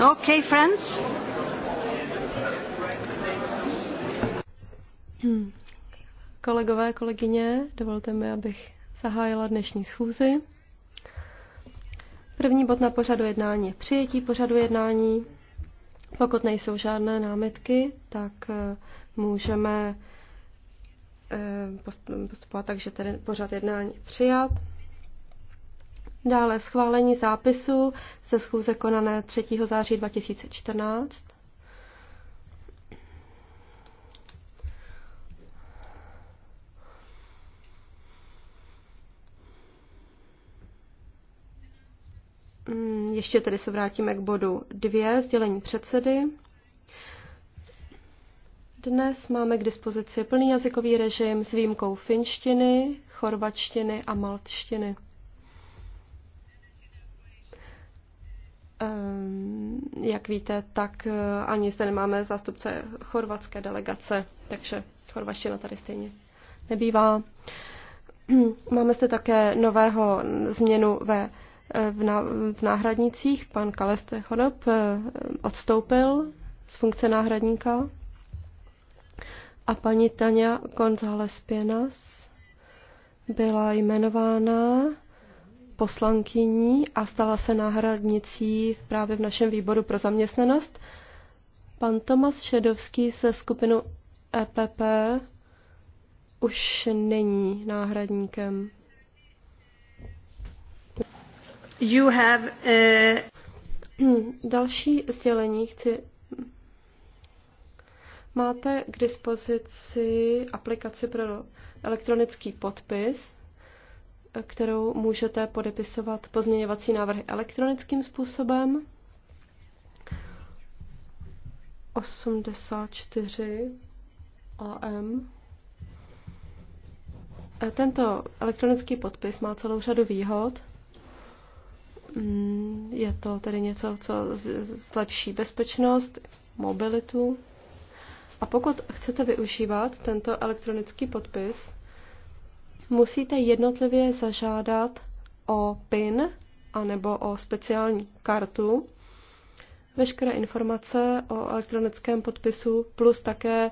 Okay, friends. Kolegové, kolegyně, dovolte mi, abych zahájila dnešní schůzi. První bod na pořadu jednání je přijetí pořadu jednání. Pokud nejsou žádné námitky, tak eh, můžeme eh, postupovat tak, že tedy pořad jednání přijat. Dále schválení zápisu ze schůze konané 3. září 2014. Hmm, ještě tedy se vrátíme k bodu 2, sdělení předsedy. Dnes máme k dispozici plný jazykový režim s výjimkou finštiny, chorvačtiny a maltštiny. Ehm, jak víte, tak eh, ani zde nemáme zástupce chorvatské delegace, takže chorvaština tady stejně nebývá. Máme zde také nového změnu ve eh, v, na, v náhradnicích. Pan Kaleste Chodob eh, odstoupil z funkce náhradníka a paní Tania González Pěnas byla jmenována poslankyní a stala se náhradnicí právě v našem výboru pro zaměstnanost. Pan Tomas Šedovský se skupinou EPP už není náhradníkem. You have, a... Uh, Další sdělení chci. Máte k dispozici aplikaci pro elektronický podpis kterou můžete podepisovat pozměňovací návrhy elektronickým způsobem. 84 AM. Tento elektronický podpis má celou řadu výhod. Mm, je to tedy něco, co zlepší bezpečnost, mobilitu. A pokud chcete využívat tento elektronický podpis, musíte jednotlivě zažádat o PIN anebo o speciální kartu. Veškeré informace o elektronickém podpisu plus také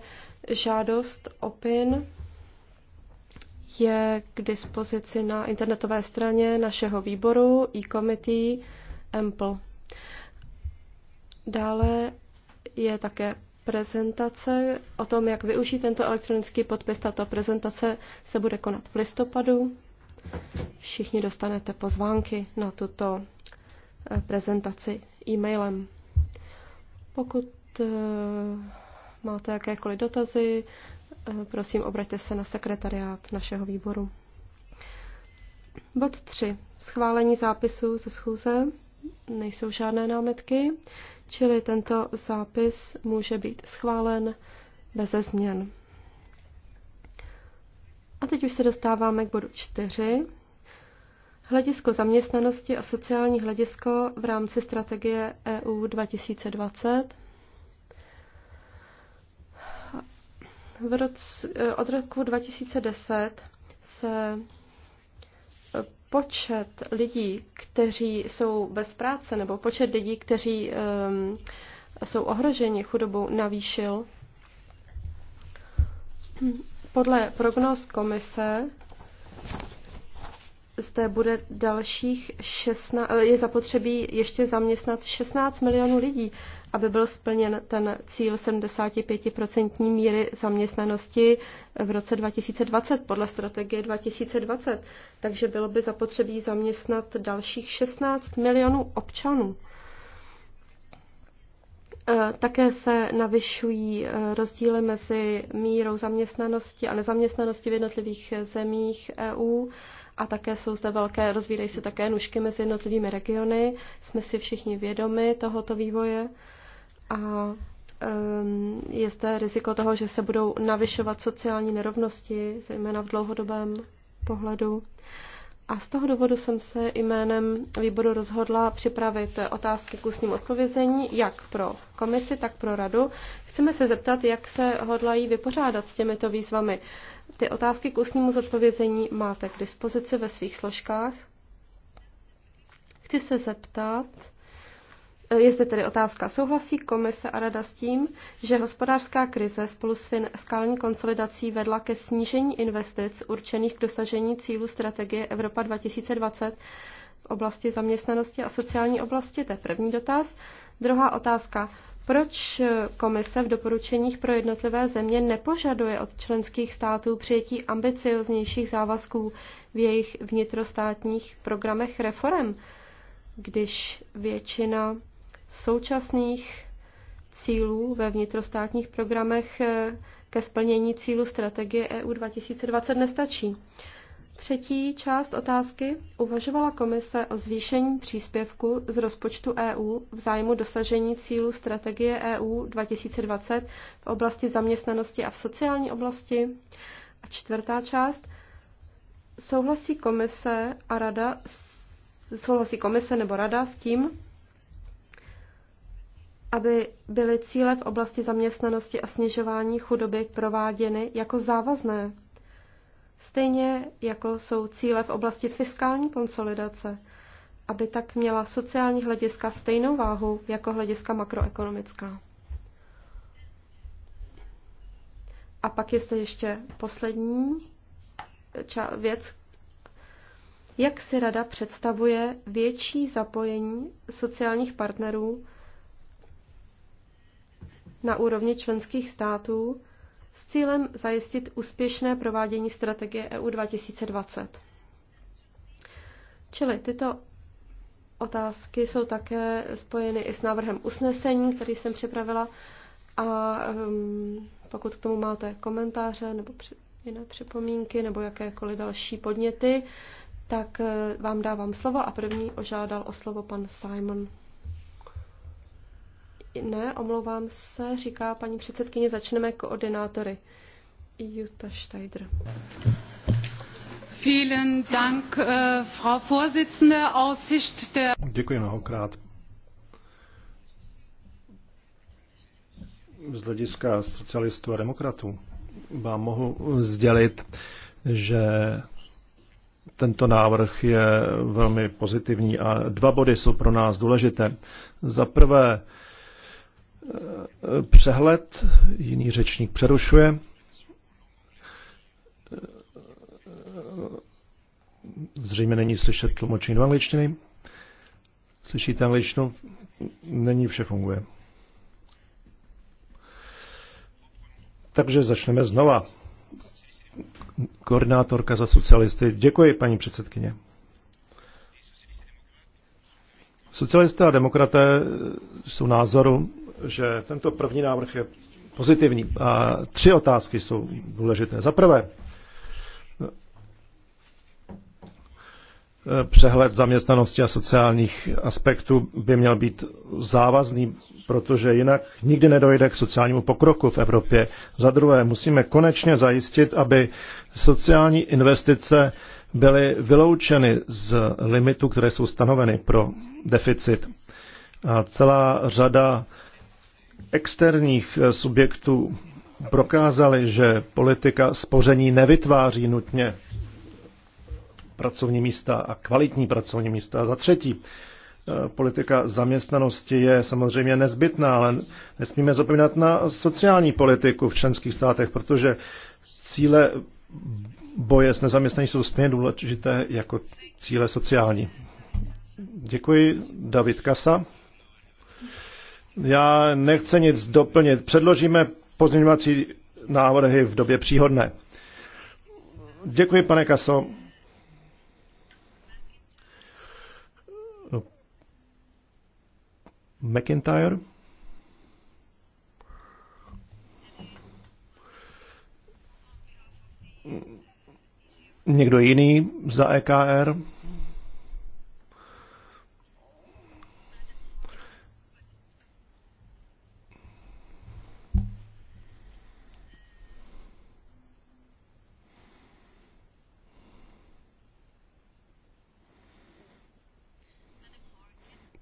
žádost o PIN je k dispozici na internetové straně našeho výboru e-committee Ample. Dále je také prezentace o tom, jak využít tento elektronický podpis. Tato prezentace se bude konat v listopadu. Všichni dostanete pozvánky na tuto eh, prezentaci e-mailem. Pokud eh, máte jakékoliv dotazy, eh, prosím, obraťte se na sekretariát našeho výboru. Bod 3. Schválení zápisu ze schůze. Nejsou žádné námitky čili tento zápis může být schválen bez změn. A teď už se dostáváme k bodu 4. Hledisko zaměstnanosti a sociální hledisko v rámci strategie EU 2020. V roce, od roku 2010 se počet lidí, kteří jsou bez práce, nebo počet lidí, kteří um, jsou ohroženi chudobou, navýšil. Podle prognóz komise zde bude dalších 16, je zapotřebí ještě zaměstnat 16 milionů lidí aby byl splněn ten cíl 75% míry zaměstnanosti v roce 2020 podle strategie 2020. Takže bylo by zapotřebí zaměstnat dalších 16 milionů občanů. E, také se navyšují e, rozdíly mezi mírou zaměstnanosti a nezaměstnanosti v jednotlivých e, zemích EU a také jsou zde velké, rozvírají se také nůžky mezi jednotlivými regiony. Jsme si všichni vědomi tohoto vývoje a je zde riziko toho, že se budou navyšovat sociální nerovnosti, zejména v dlouhodobém pohledu. A z toho důvodu jsem se jménem výboru rozhodla připravit otázky k ústním odpovězení, jak pro komisi, tak pro radu. Chceme se zeptat, jak se hodlají vypořádat s těmito výzvami. Ty otázky k ústnímu zodpovězení máte k dispozici ve svých složkách. Chci se zeptat, je zde tedy otázka. Souhlasí komise a rada s tím, že hospodářská krize spolu s fiskální konsolidací vedla ke snížení investic určených k dosažení cílu strategie Evropa 2020 v oblasti zaměstnanosti a sociální oblasti? To je první dotaz. Druhá otázka. Proč komise v doporučeních pro jednotlivé země nepožaduje od členských států přijetí ambicioznějších závazků v jejich vnitrostátních programech reform, když většina současných cílů ve vnitrostátních programech eh, ke splnění cílu strategie EU 2020 nestačí. Třetí část otázky uvažovala komise o zvýšení příspěvku z rozpočtu EU v zájmu dosažení cílu strategie EU 2020 v oblasti zaměstnanosti a v sociální oblasti. A čtvrtá část souhlasí komise a rada souhlasí komise nebo rada s tím, aby byly cíle v oblasti zaměstnanosti a snižování chudoby prováděny jako závazné. Stejně jako jsou cíle v oblasti fiskální konsolidace, aby tak měla sociální hlediska stejnou váhu jako hlediska makroekonomická. A pak je zde ještě poslední věc, jak si rada představuje větší zapojení sociálních partnerů na úrovni členských států s cílem zajistit úspěšné provádění strategie EU 2020. Čili tyto otázky jsou také spojeny i s návrhem usnesení, který jsem připravila. A um, pokud k tomu máte komentáře nebo při, jiné připomínky nebo jakékoliv další podněty, tak eh, vám dávám slovo a první ožádal o slovo pan Simon. Ne, omlouvám se, říká paní předsedkyně, začneme koordinátory. Jutta Steidr. Vielen Dank, äh, Frau Vorsitzende, aus Sicht der... Děkuji mnohokrát. Z hlediska socialistů a demokratů vám mohu sdělit, že tento návrh je velmi pozitivní a dva body jsou pro nás důležité. Za prvé přehled, jiný řečník přerušuje. Zřejmě není slyšet tlumočení do angličtiny. Slyšíte angličtinu? Není, vše funguje. Takže začneme znova. Koordinátorka za socialisty. Děkuji, paní předsedkyně. Socialisté a demokraté jsou názoru, že tento první návrh je pozitivní. A tři otázky jsou důležité. Za prvé, přehled zaměstnanosti a sociálních aspektů by měl být závazný, protože jinak nikdy nedojde k sociálnímu pokroku v Evropě. Za druhé, musíme konečně zajistit, aby sociální investice byly vyloučeny z limitů, které jsou stanoveny pro deficit. A celá řada externích eh, subjektů prokázali, že politika spoření nevytváří nutně pracovní místa a kvalitní pracovní místa. A za třetí, eh, politika zaměstnanosti je samozřejmě nezbytná, ale nesmíme zapomínat na sociální politiku v členských státech, protože cíle boje s nezaměstnaní jsou stejně důležité jako cíle sociální. Děkuji, David Kasa. Já nechci nic doplnit. Předložíme pozměňovací návrhy v době příhodné. Děkuji, pane Kaso. McIntyre. Někdo jiný za EKR?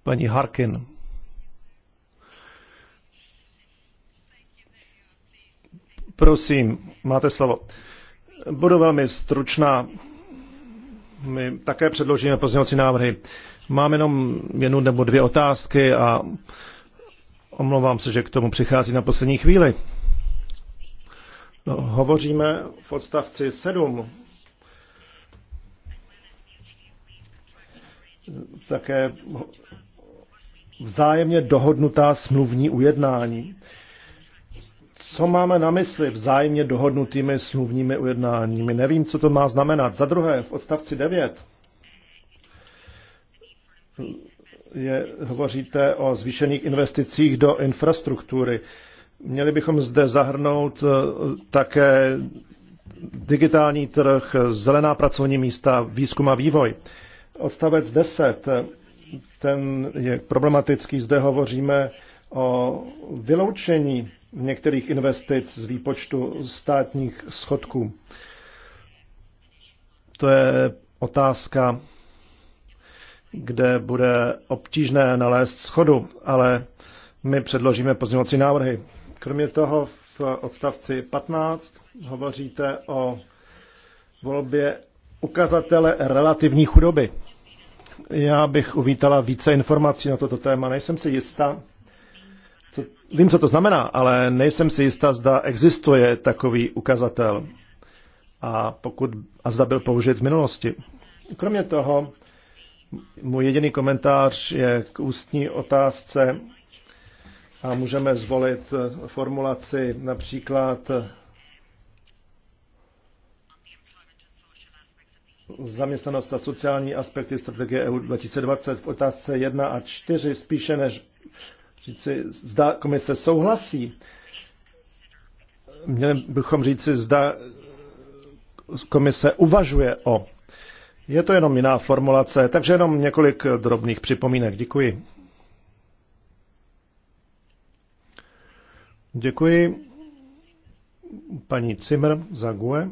paní Harkin. Prosím, máte slovo. Budu velmi stručná. My také předložíme pozměňovací návrhy. Mám jenom jednu nebo dvě otázky a omlouvám se, že k tomu přichází na poslední chvíli. No, hovoříme v odstavci 7. Také vzájemně dohodnutá smluvní ujednání. Co máme na mysli vzájemně dohodnutými smluvními ujednáními? Nevím, co to má znamenat. Za druhé, v odstavci 9 je, hovoříte o zvýšených investicích do infrastruktury. Měli bychom zde zahrnout eh, také digitální trh, zelená pracovní místa, výzkum a vývoj. Odstavec 10 ten je problematický. Zde hovoříme o vyloučení některých investic z výpočtu státních schodků. To je otázka, kde bude obtížné nalézt schodu, ale my předložíme pozměňovací návrhy. Kromě toho v odstavci 15 hovoříte o volbě ukazatele relativní chudoby. Já bych uvítala více informací na toto téma. Nejsem si jistá, co, vím, co to znamená, ale nejsem si jistá, zda existuje takový ukazatel a, pokud, a zda byl použit v minulosti. Kromě toho, můj jediný komentář je k ústní otázce a můžeme zvolit formulaci například zaměstnanost a sociální aspekty strategie EU 2020 v otázce 1 a 4 spíše než říci, zda komise souhlasí. Měli bychom říci, zda komise uvažuje o. Je to jenom jiná formulace, takže jenom několik drobných připomínek. Děkuji. Děkuji paní Cimr za GUE.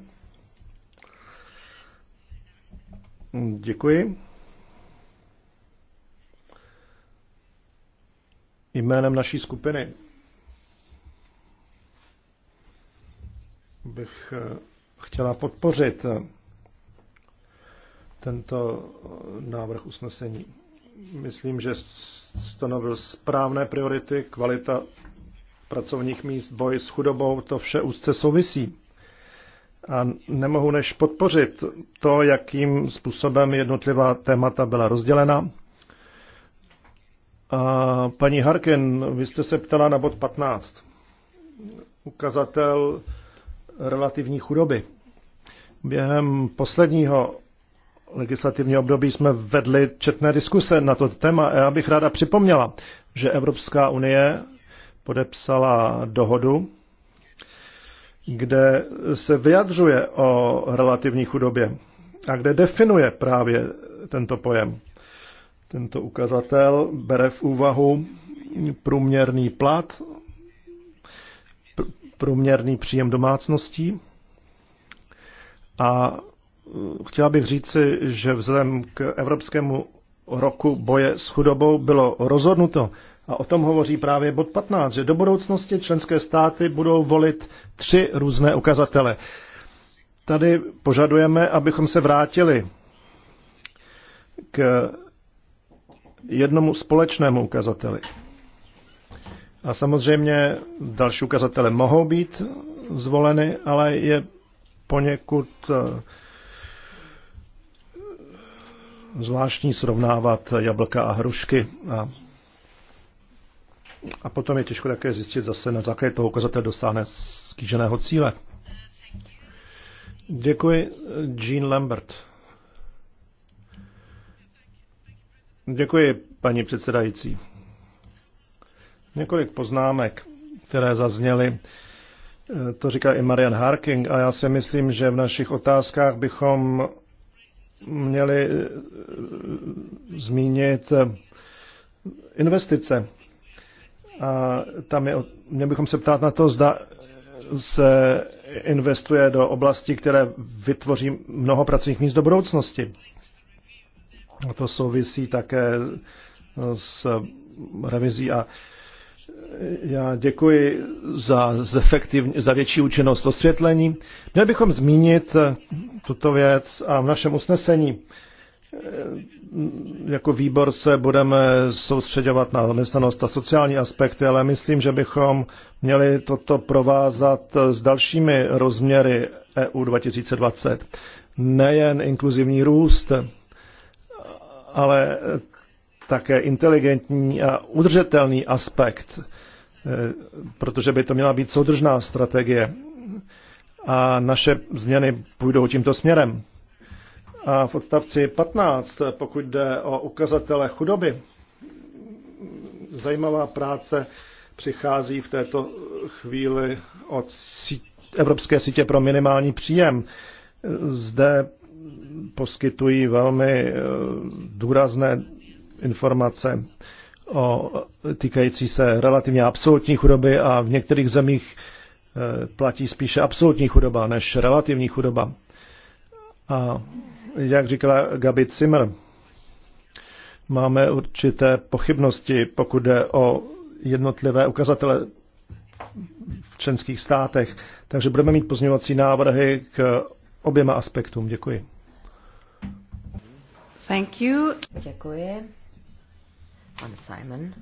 Děkuji. Jménem naší skupiny bych eh, chtěla podpořit eh, tento eh, návrh usnesení. Myslím, že stanovil správné priority, kvalita pracovních míst, boj s chudobou, to vše úzce souvisí a nemohu než podpořit to, jakým způsobem jednotlivá témata byla rozdělena. A paní Harkin, vy jste se ptala na bod 15. Ukazatel relativní chudoby. Během posledního legislativního období jsme vedli četné diskuse na to téma já bych ráda připomněla, že Evropská unie podepsala dohodu kde se vyjadřuje o relativní chudobě a kde definuje právě tento pojem. Tento ukazatel bere v úvahu průměrný plat, pr- průměrný příjem domácností a e, chtěla bych říci, že vzhledem k Evropskému roku boje s chudobou bylo rozhodnuto, a o tom hovoří právě bod 15, že do budoucnosti členské státy budou volit tři různé ukazatele. Tady požadujeme, abychom se vrátili k jednomu společnému ukazateli. A samozřejmě další ukazatele mohou být zvoleny, ale je poněkud eh, zvláštní srovnávat jablka a hrušky a a potom je těžko také zjistit zase, na základě toho ukazatel dosáhne skýženého cíle. Děkuji, Jean Lambert. Děkuji, paní předsedající. Několik poznámek, které zazněly, to říká i Marian Harking, a já si myslím, že v našich otázkách bychom měli eh, zmínit eh, investice a tam je, měli bychom se ptát na to, zda se investuje do oblasti, které vytvoří mnoho pracovních míst do budoucnosti. A to souvisí také s revizí a já děkuji za, za větší účinnost osvětlení. Měli bychom zmínit tuto věc a v našem usnesení Eh, jako výbor se budeme soustředovat na zaměstnanost a sociální aspekty, ale myslím, že bychom měli toto provázat s dalšími rozměry EU 2020. Nejen inkluzivní růst, ale také inteligentní a udržitelný aspekt, eh, protože by to měla být soudržná strategie. A naše změny půjdou tímto směrem. A v odstavci 15, pokud jde o ukazatele chudoby, zajímavá práce přichází v této chvíli od Evropské sítě pro minimální příjem. Zde poskytují velmi eh, důrazné informace o týkající se relativně absolutní chudoby a v některých zemích eh, platí spíše absolutní chudoba než relativní chudoba. A jak říkala Gabi Zimmer, máme určité pochybnosti, pokud jde o jednotlivé ukazatele v členských státech. Takže budeme mít pozměňovací návrhy k oběma aspektům. Děkuji. Thank you. Děkuji. Pan Simon.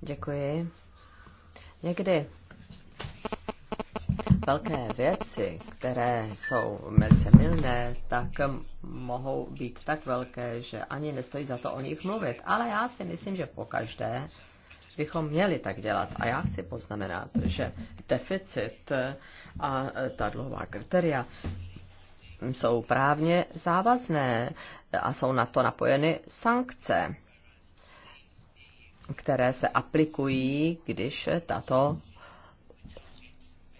Děkuji. Někdy velké věci, které jsou velice milné, tak mohou být tak velké, že ani nestojí za to o nich mluvit. Ale já si myslím, že pokaždé bychom měli tak dělat. A já chci poznamenat, že deficit a ta dlouhá kriteria jsou právně závazné a jsou na to napojeny sankce, které se aplikují, když tato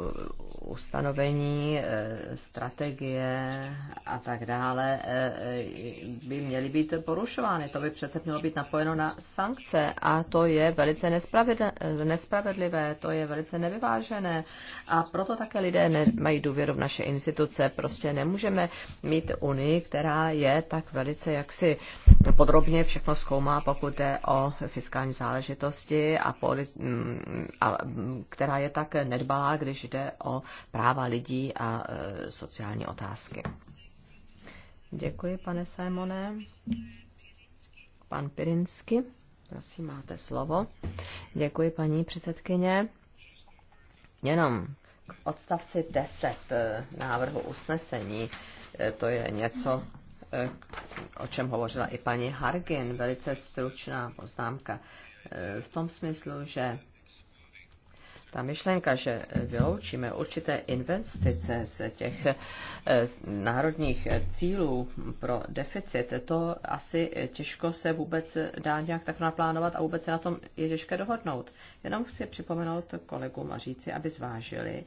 Eh, ustanovení, eh, strategie a tak dále eh, by měly být porušovány. To by přece mělo být napojeno na sankce a to je velice nespravedlivé, to je velice nevyvážené a proto také lidé nemají důvěru v naše instituce. Prostě nemůžeme mít Unii, která je tak velice jaksi podrobně všechno zkoumá, pokud jde o fiskální záležitosti a, poli- a která je tak nedbalá, když jde o práva lidí a e, sociální otázky. Děkuji, pane Simone. Pan Pirinsky, prosím, máte slovo. Děkuji, paní předsedkyně. Jenom k odstavci 10 e, návrhu usnesení, e, to je něco, o čem hovořila i paní Hargin, velice stručná poznámka v tom smyslu, že ta myšlenka, že vyloučíme určité investice z těch eh, národních cílů pro deficit, to asi těžko se vůbec dá nějak tak naplánovat a vůbec se na tom je těžké dohodnout. Jenom chci připomenout kolegům a říci, aby zvážili,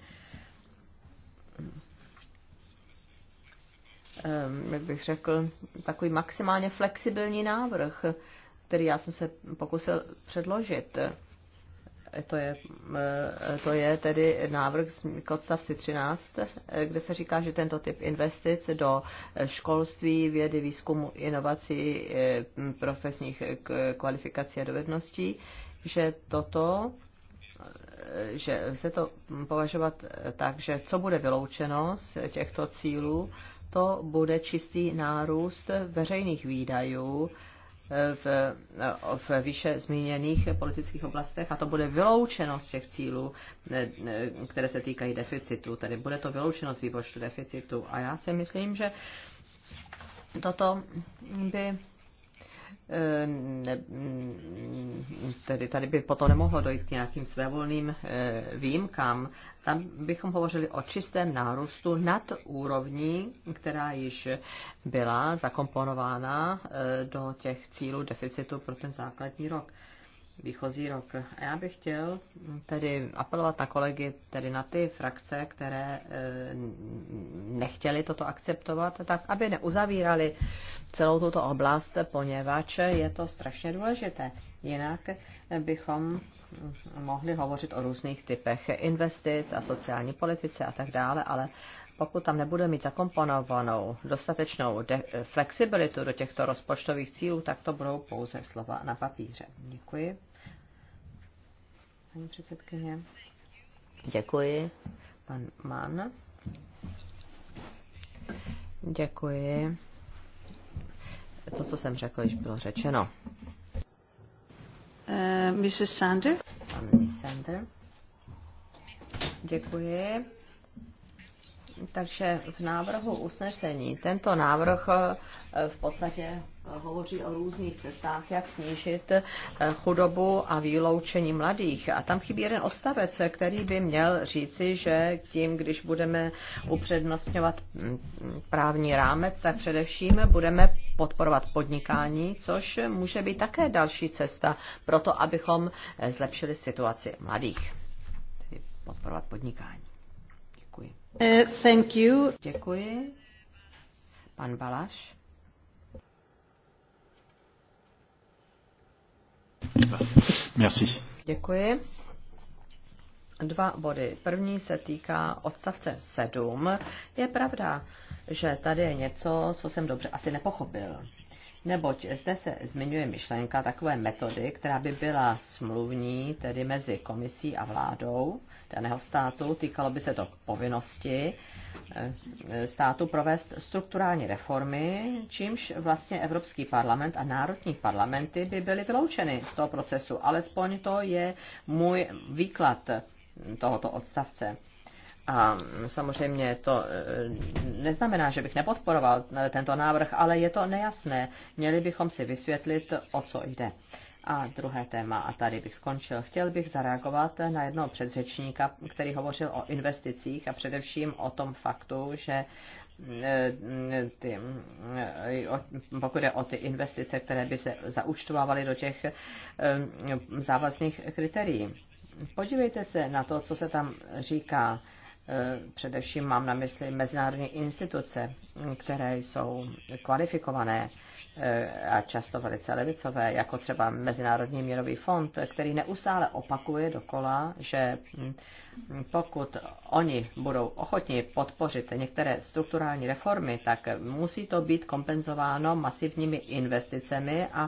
eh, jak bych řekl, takový maximálně flexibilní návrh, který já jsem se pokusil předložit to je, eh, to je tedy návrh k odstavci 13, eh, kde se říká, že tento typ investic do eh, školství, vědy, výzkumu, inovací, profesních kvalifikací a dovedností, že toto že se to považovat tak, že co bude vyloučeno z těchto cílů, to bude čistý nárůst veřejných výdajů v, v výše zmíněných politických oblastech a to bude vyloučeno z těch cílů, které se týkají deficitu, tedy bude to vyloučeno z výpočtu deficitu. A já si myslím, že toto by Eh, ne, tedy tady by potom nemohlo dojít k nějakým svévolným eh, výjimkám. Tam bychom hovořili o čistém nárůstu nad úrovní, která již byla zakomponována eh, do těch cílů deficitu pro ten základní rok výchozí rok. A já bych chtěl tedy apelovat na kolegy, tedy na ty frakce, které nechtěli toto akceptovat, tak aby neuzavírali celou tuto oblast, poněvadž je to strašně důležité. Jinak bychom mohli hovořit o různých typech investic a sociální politice a tak dále, ale pokud tam nebude mít zakomponovanou dostatečnou flexibilitu do těchto rozpočtových cílů, tak to budou pouze slova na papíře. Děkuji. Paní předsedkyně. Děkuji. Pan Mann. Děkuji to, co jsem řekl, již bylo řečeno. Uh, eh, Mrs. Sander. Mrs. Sander. Děkuji. Takže v návrhu usnesení tento návrh eh, v podstatě hovoří o různých cestách, jak snížit eh, chudobu a výloučení mladých. A tam chybí jeden odstavec, který by měl říci, že tím, když budeme upřednostňovat mm, právní rámec, tak především budeme podporovat podnikání, což může být také další cesta pro to, abychom eh, zlepšili situaci mladých. Tedy podporovat podnikání. Děkuji. Uh, thank you. Děkuji. Pan Balaš. Merci. Děkuji. Dva body. První se týká odstavce 7. Je pravda, že tady je něco, co jsem dobře asi nepochopil neboť zde se zmiňuje myšlenka takové metody, která by byla smluvní, tedy mezi komisí a vládou daného státu. Týkalo by se to povinnosti eh, státu provést strukturální reformy, čímž vlastně Evropský parlament a národní parlamenty by byly vyloučeny z toho procesu. Alespoň to je můj výklad tohoto odstavce. A samozřejmě to eh, neznamená, že bych nepodporoval eh, tento návrh, ale je to nejasné. Měli bychom si vysvětlit, o co jde. A druhé téma, a tady bych skončil. Chtěl bych zareagovat na jednoho předřečníka, který hovořil o investicích a především o tom faktu, že eh, ty, pokud jde o ty investice, které by se zaúčtovávaly do těch závazných kritérií. Podívejte se na to, co se tam říká Eh, především mám na mysli mezinárodní instituce, které jsou kvalifikované eh, a často velice levicové, jako třeba Mezinárodní měnový fond, který neustále opakuje dokola, že hm, pokud oni budou ochotni podpořit některé strukturální reformy, tak musí to být kompenzováno masivními investicemi a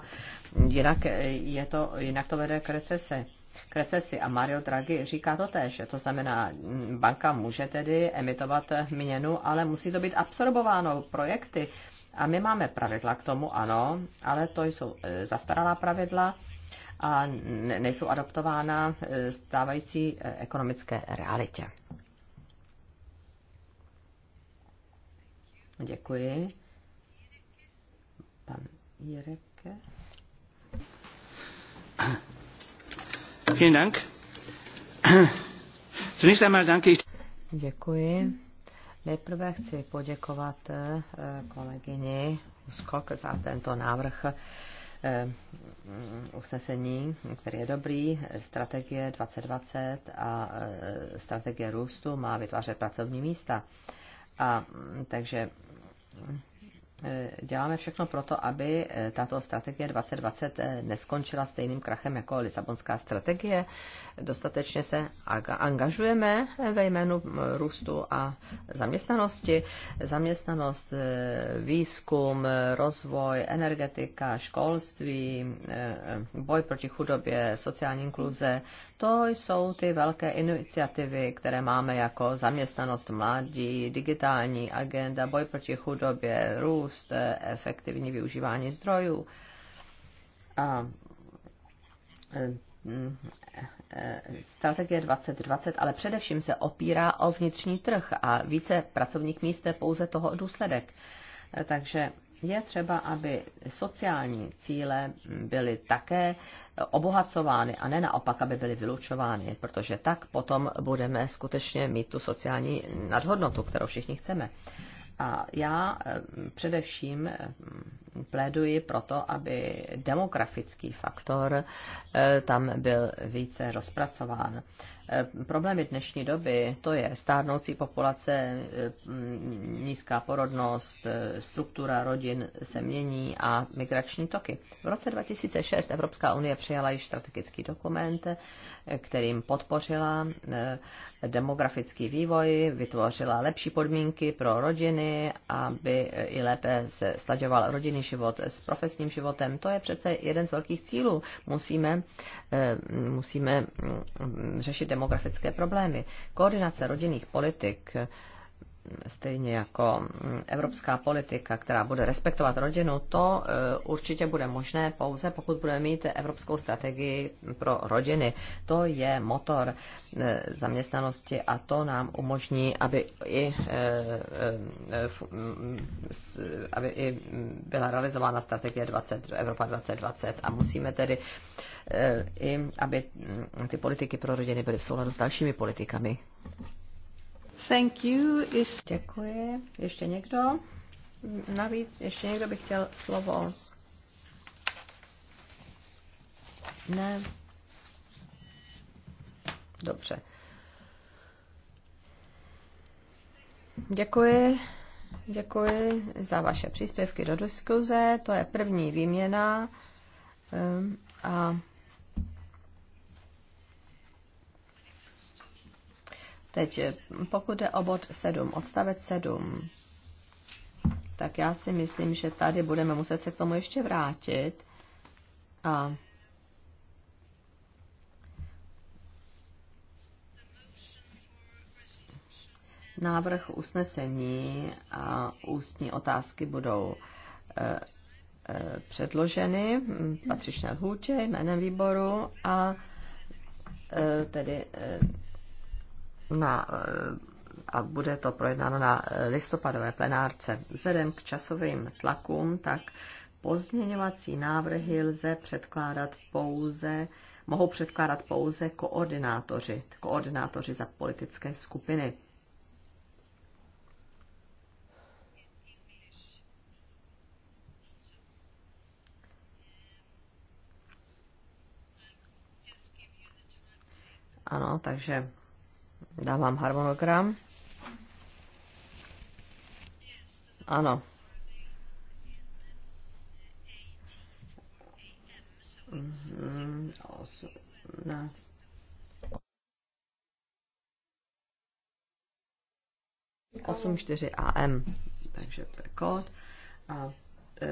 jinak, je to, jinak to vede k recesi k A Mario Draghi říká to tež. To znamená, mm, banka může tedy emitovat měnu, ale musí to být absorbováno projekty. A my máme pravidla k tomu, ano, ale to jsou e, zastaralá pravidla a nejsou adoptována e, stávající e, ekonomické realitě. Děkuji. Pan Jirek. Děkuji. Nejprve chci poděkovat eh, kolegyni Uskok za tento návrh eh, usnesení, který je dobrý, strategie 2020 a eh, strategie růstu má vytvářet pracovní místa. A mm, takže Eh, děláme všechno proto, aby eh, tato strategie 2020 eh, neskončila stejným krachem jako Lisabonská strategie. Dostatečně se angažujeme ve jménu růstu a zaměstnanosti. Zaměstnanost, výzkum, rozvoj, energetika, školství, boj proti chudobě, sociální inkluze, to jsou ty velké iniciativy, které máme jako zaměstnanost mládí, digitální agenda, boj proti chudobě, růst, růst, eh, efektivní využívání zdrojů. A eh, mm, eh, strategie 2020, ale především se opírá o vnitřní trh a více pracovních míst je pouze toho důsledek. Takže je třeba, aby sociální cíle byly také obohacovány a ne naopak, aby byly vylučovány, protože tak potom budeme skutečně mít tu sociální nadhodnotu, kterou všichni chceme. A já eh, především eh, pléduji proto, aby demografický faktor eh, tam byl více rozpracován. Eh, problémy dnešní doby, to je stárnoucí populace, eh, nízká porodnost, eh, struktura rodin se mění a migrační toky. V roce 2006 Evropská unie přijala již strategický dokument, kterým podpořila demografický vývoj, vytvořila lepší podmínky pro rodiny, aby i lépe se slaďoval rodinný život s profesním životem. To je přece jeden z velkých cílů. Musíme, musíme mm, řešit demografické problémy. Koordinace rodinných politik stejně jako mm, evropská politika, která bude respektovat rodinu, to eh, určitě bude možné pouze, pokud budeme mít evropskou strategii pro rodiny. To je motor eh, zaměstnanosti a to nám umožní, aby i, eh, mm, aby i byla realizována strategie 20, Evropa 2020 a musíme tedy i, aby mm, ty politiky pro rodiny byly v souladu s dalšími politikami Thank you. Is... Děkuji. Ještě někdo? Navíc ještě někdo by chtěl slovo. Ne. Dobře. Děkuji. Děkuji za vaše příspěvky do diskuze. To je první výměna. Ehm, a Teď, eh, pokud jde o bod 7, odstavec 7, tak já si myslím, že tady budeme muset se k tomu ještě vrátit. A návrh usnesení a ústní otázky budou eh, eh, předloženy hm, patřičné lhůtě jménem výboru a tedy na, eh, a bude to projednáno na eh, listopadové plenárce. Vzhledem k časovým tlakům, tak pozměňovací návrhy lze předkládat pouze, mohou předkládat pouze koordinátoři, koordinátoři za politické skupiny. Ano, takže Dávám harmonogram. Ano. Mm, Osm čtyři AM, takže to je kód. A e,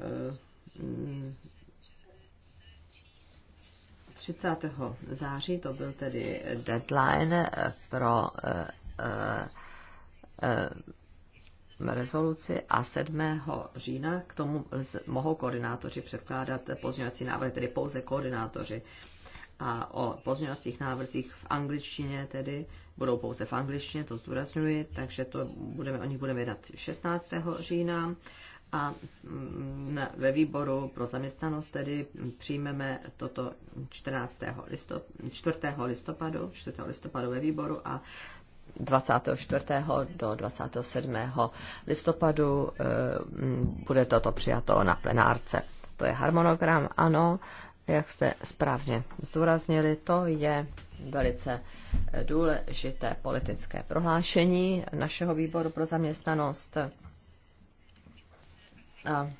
e, 30. září, to byl tedy deadline eh, pro eh, eh, rezoluci a 7. října k tomu mohou koordinátoři předkládat pozměňovací návrhy, tedy pouze koordinátoři. A o pozměňovacích návrzích v angličtině tedy budou pouze v angličtině, to zdůrazňuji, takže to budeme, o nich budeme jednat 16. října a mm, ve výboru pro zaměstnanost tedy přijmeme toto 14. Listop, 4. listopadu, 4. listopadu ve výboru a 24. do 27. listopadu e, bude toto přijato na plenárce. To je harmonogram, ano, jak jste správně zdůraznili, to je velice důležité politické prohlášení našeho výboru pro zaměstnanost. A,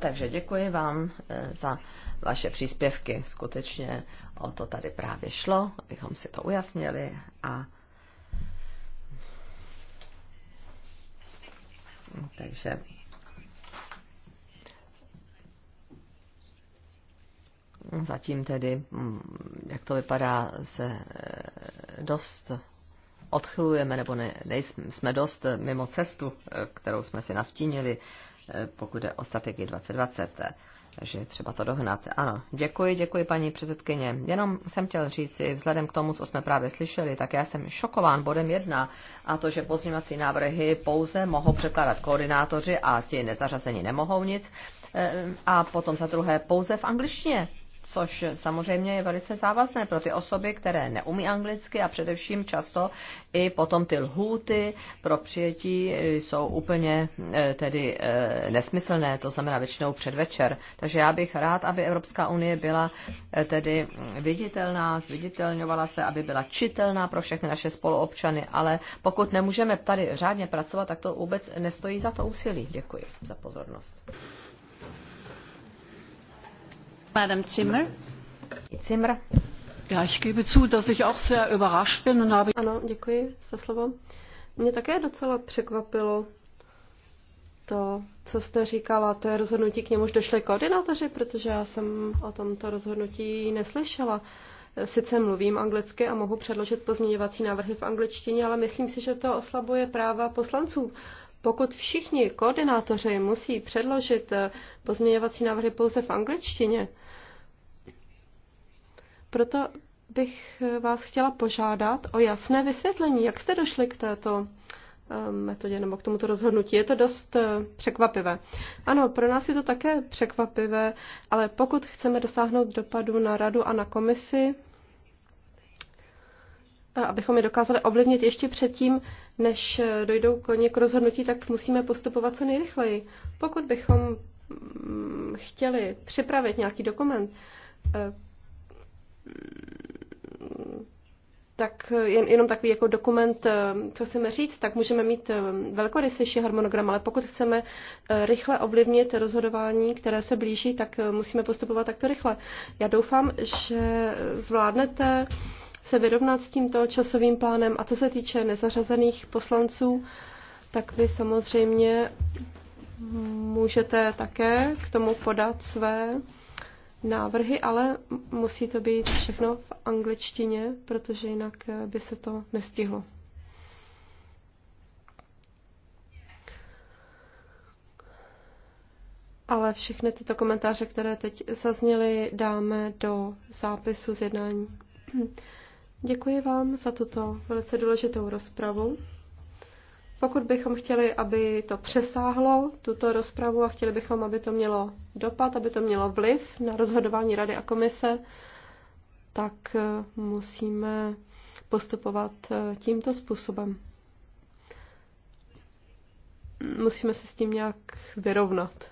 takže děkuji vám e, za vaše příspěvky. Skutečně o to tady právě šlo, abychom si to ujasnili a takže zatím tedy, mm, jak to vypadá, se e, dost odchylujeme nebo ne, nejsme dost eh, mimo cestu, eh, kterou jsme si nastínili, eh, pokud je o strategii 2020. Takže třeba to dohnat. Ano, děkuji, děkuji paní předsedkyně. Jenom jsem chtěl říci, vzhledem k tomu, co jsme právě slyšeli, tak já jsem šokován bodem jedna a to, že pozměňovací návrhy pouze mohou překládat koordinátoři a ti nezařazení nemohou nic. A potom za druhé pouze v angličtině což samozřejmě je velice závazné pro ty osoby, které neumí anglicky a především často i potom ty lhůty pro přijetí jsou úplně eh, tedy eh, nesmyslné, to znamená většinou předvečer. Takže já bych rád, aby Evropská unie byla eh, tedy viditelná, zviditelňovala se, aby byla čitelná pro všechny naše spoluobčany, ale pokud nemůžeme tady řádně pracovat, tak to vůbec nestojí za to úsilí. Děkuji za pozornost. Já gebe zu, dass ich auch sehr überrascht bin und habe... Ano, děkuji za slovo. Mě také docela překvapilo to, co jste říkala, to je rozhodnutí, k němuž došli koordinátoři, protože já jsem o tomto rozhodnutí neslyšela. Sice mluvím anglicky a mohu předložit pozměňovací návrhy v angličtině, ale myslím si, že to oslabuje práva poslanců. Pokud všichni koordinátoři musí předložit eh, pozměňovací návrhy pouze v angličtině, proto bych eh, vás chtěla požádat o jasné vysvětlení, jak jste došli k této eh, metodě nebo k tomuto rozhodnutí. Je to dost eh, překvapivé. Ano, pro nás je to také překvapivé, ale pokud chceme dosáhnout dopadu na radu a na komisi, abychom je dokázali ovlivnit ještě předtím, než dojdou koně k rozhodnutí, tak musíme postupovat co nejrychleji. Pokud bychom mm, chtěli připravit nějaký dokument, tak jen, jenom takový jako dokument, eh, co chceme říct, tak můžeme mít eh, velkorysejší harmonogram, ale pokud chceme eh, rychle ovlivnit rozhodování, které se blíží, tak musíme postupovat takto rychle. Já doufám, že zvládnete se vyrovnat s tímto časovým plánem. A co se týče nezařazených poslanců, tak vy samozřejmě můžete také k tomu podat své návrhy, ale musí to být všechno v angličtině, protože jinak eh, by se to nestihlo. Ale všechny tyto komentáře, které teď zazněly, dáme do zápisu z jednání. Děkuji vám za tuto velice důležitou rozpravu. Pokud bychom chtěli, aby to přesáhlo tuto rozpravu a chtěli bychom, aby to mělo dopad, aby to mělo vliv na rozhodování Rady a komise, tak eh, musíme postupovat eh, tímto způsobem. Musíme se s tím nějak vyrovnat.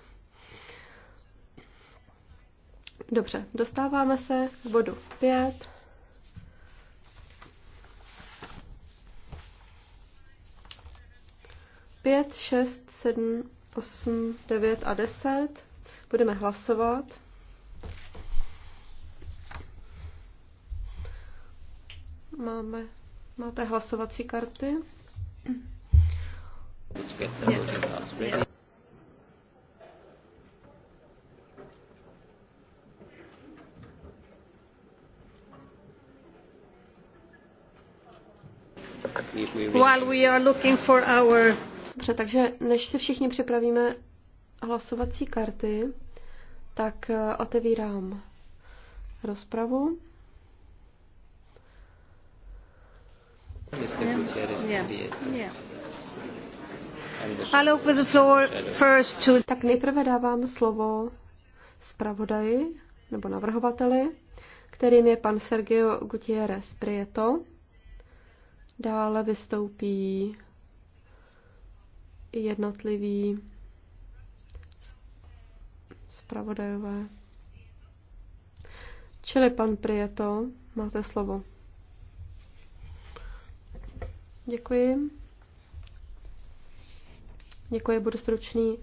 Dobře, dostáváme se k bodu 5. 5, 6, 7, 8, 9 a 10. Budeme hlasovat. Máme, máte hlasovací karty? while we are looking for our Dobře, takže než si všichni připravíme hlasovací karty, tak eh, otevírám rozpravu. Tak nejprve dávám slovo zpravodaji nebo navrhovateli, kterým je pan Sergio Gutierrez Prieto. Dále vystoupí jednotliví zpravodajové. Čili pan Prieto, máte slovo. Děkuji. Děkuji, budu stručný.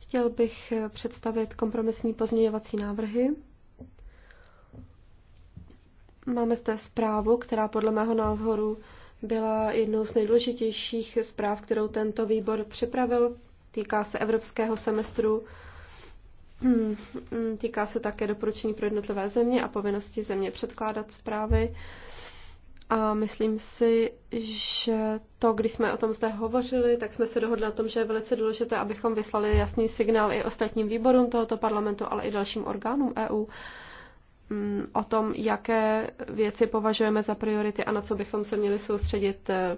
Chtěl bych představit kompromisní pozměňovací návrhy. Máme zde zprávu, která podle mého názoru byla jednou z nejdůležitějších zpráv, kterou tento výbor připravil. Týká se evropského semestru, hmm, týká se také doporučení pro jednotlivé země a povinnosti země předkládat zprávy. A myslím si, že to, když jsme o tom zde hovořili, tak jsme se dohodli na tom, že je velice důležité, abychom vyslali jasný signál i ostatním výborům tohoto parlamentu, ale i dalším orgánům EU, Mm, o tom, jaké věci považujeme za priority a na co bychom se měli soustředit eh,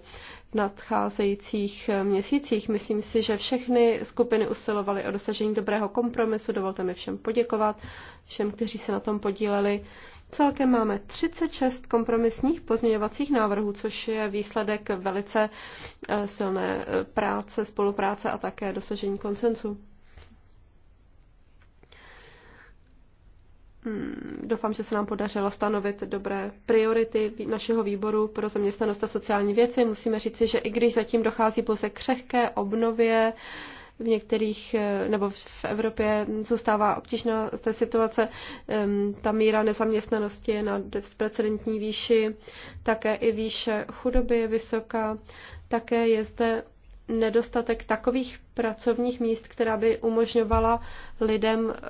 v nadcházejících eh, měsících. Myslím si, že všechny skupiny usilovaly o dosažení dobrého kompromisu. Dovolte mi všem poděkovat, všem, kteří se na tom podíleli. Celkem máme 36 kompromisních pozměňovacích návrhů, což je výsledek velice eh, silné práce, spolupráce a také dosažení konsenzu. Hmm, doufám, že se nám podařilo stanovit dobré priority našeho výboru pro zaměstnanost a sociální věci. Musíme říci, že i když zatím dochází pouze křehké obnově, v některých, eh, nebo v Evropě zůstává obtížná ta situace, ta míra nezaměstnanosti je na bezprecedentní výši, také i výše chudoby je vysoká, také je zde nedostatek takových pracovních míst, která by umožňovala lidem eh,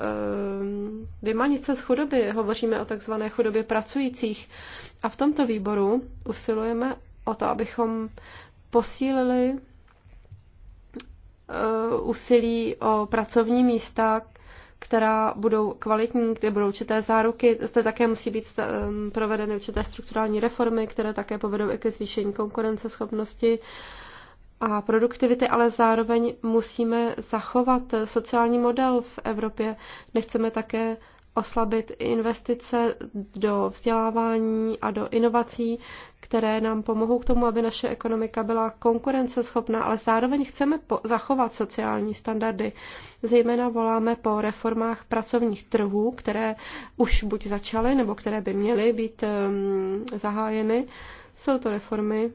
vymanit se z chudoby. Hovoříme o takzvané chudobě pracujících. A v tomto výboru usilujeme o to, abychom posílili eh, úsilí o pracovní místa, která budou kvalitní, kde budou určité záruky. Zde také musí být eh, provedeny určité strukturální reformy, které také povedou i ke zvýšení konkurenceschopnosti a produktivity, ale zároveň musíme zachovat sociální model v Evropě. Nechceme také oslabit investice do vzdělávání a do inovací, které nám pomohou k tomu, aby naše ekonomika byla konkurenceschopná, ale zároveň chceme zachovat sociální standardy. Zejména voláme po reformách pracovních trhů, které už buď začaly, nebo které by měly být um, zahájeny. Jsou to reformy,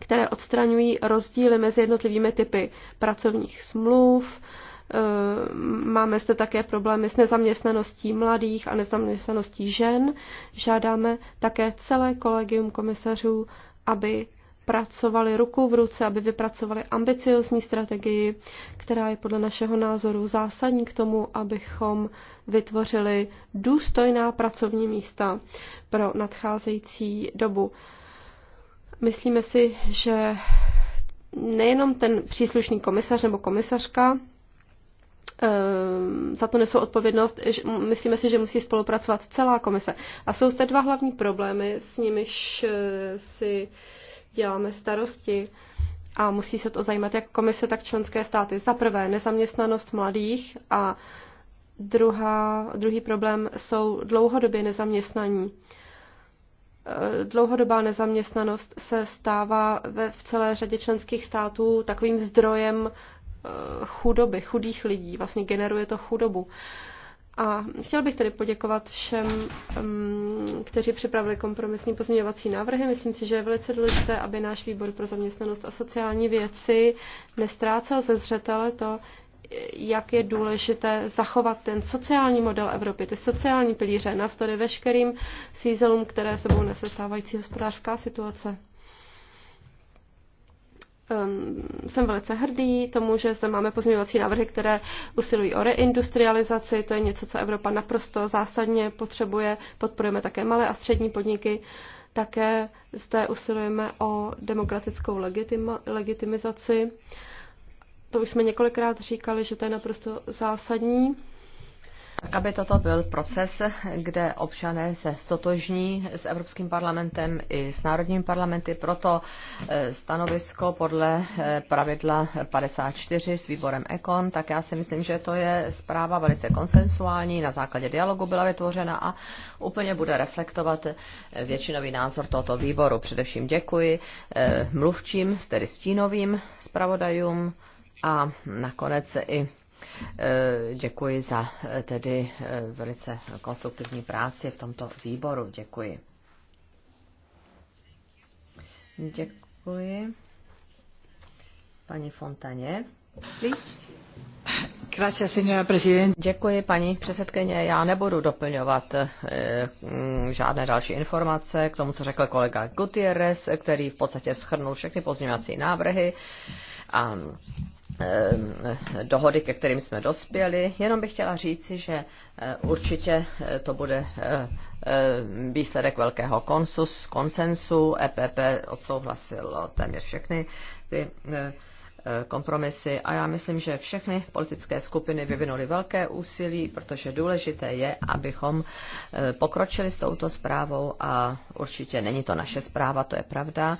které odstraňují rozdíly mezi jednotlivými typy pracovních smluv. Eh, máme zde také problémy s nezaměstnaností mladých a nezaměstnaností žen. Žádáme také celé kolegium komisařů, aby pracovali ruku v ruce, aby vypracovali ambiciozní strategii, která je podle našeho názoru zásadní k tomu, abychom vytvořili důstojná pracovní místa pro nadcházející dobu. Myslíme si, že nejenom ten příslušný komisař nebo komisařka ehm, za to nesou odpovědnost. Myslíme si, že musí spolupracovat celá komise. A jsou zde dva hlavní problémy, s nimiž eh, si děláme starosti a musí se to zajímat jak komise, tak členské státy. Za prvé nezaměstnanost mladých a druhá, druhý problém jsou dlouhodobě nezaměstnaní dlouhodobá nezaměstnanost se stává ve, v celé řadě členských států takovým zdrojem eh, chudoby, chudých lidí, vlastně generuje to chudobu. A chtěl bych tedy poděkovat všem, mm, kteří připravili kompromisní pozměňovací návrhy. Myslím si, že je velice důležité, aby náš výbor pro zaměstnanost a sociální věci nestrácel ze zřetele to, jak je důležité zachovat ten sociální model Evropy, ty sociální pilíře, nastory veškerým sízelům, které sebou nese stávající hospodářská situace. Ehm, jsem velice hrdý tomu, že zde máme pozměňovací návrhy, které usilují o reindustrializaci. To je něco, co Evropa naprosto zásadně potřebuje. Podporujeme také malé a střední podniky. Také zde usilujeme o demokratickou legitima, legitimizaci. Uh, to už jsme několikrát říkali, že to je naprosto zásadní. Tak aby toto byl proces, kde občané se stotožní s Evropským parlamentem i s národními parlamenty, proto eh, stanovisko podle eh, pravidla 54 s výborem EKON, tak já si myslím, že to je zpráva velice konsensuální, na základě dialogu byla vytvořena a úplně bude reflektovat eh, většinový názor tohoto výboru. Především děkuji mluvčím, tedy stínovým zpravodajům, a nakonec i e, děkuji za e, tedy e, velice konstruktivní práci v tomto výboru. Děkuji. Děkuji. Paní Fontaně, please. Děkuji, paní předsedkyně. Já nebudu doplňovat žádné další informace k tomu, co řekl kolega Gutierrez, který v podstatě schrnul všechny pozměňovací návrhy. A Eh, dohody, ke kterým jsme dospěli. Jenom bych chtěla říci, že eh, určitě eh, to bude výsledek velkého konsus, konsensu. EPP odsouhlasilo téměř všechny ty kompromisy a já myslím, že všechny politické skupiny vyvinuly velké úsilí, protože důležité je, abychom eh, pokročili s touto zprávou a určitě není to naše zpráva, to je pravda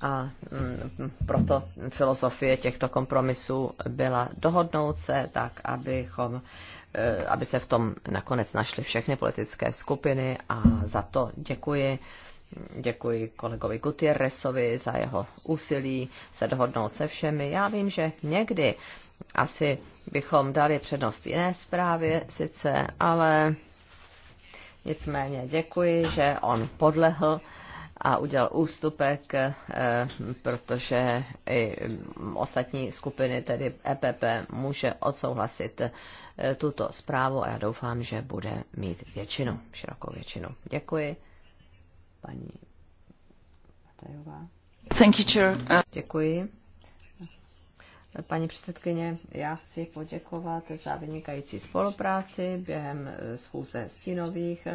a mm, proto filozofie těchto kompromisů byla dohodnout se tak, abychom eh, aby se v tom nakonec našly všechny politické skupiny a za to děkuji Děkuji kolegovi Gutierrezovi za jeho úsilí se dohodnout se všemi. Já vím, že někdy asi bychom dali přednost jiné zprávě sice, ale nicméně děkuji, že on podlehl a udělal ústupek, eh, protože i mm, ostatní skupiny, tedy EPP, může odsouhlasit eh, tuto zprávu a já doufám, že bude mít většinu, širokou většinu. Děkuji paní Patajová. Thank you, Chair. Děkuji. Paní předsedkyně, já chci poděkovat za vynikající spolupráci během eh, schůze stínových.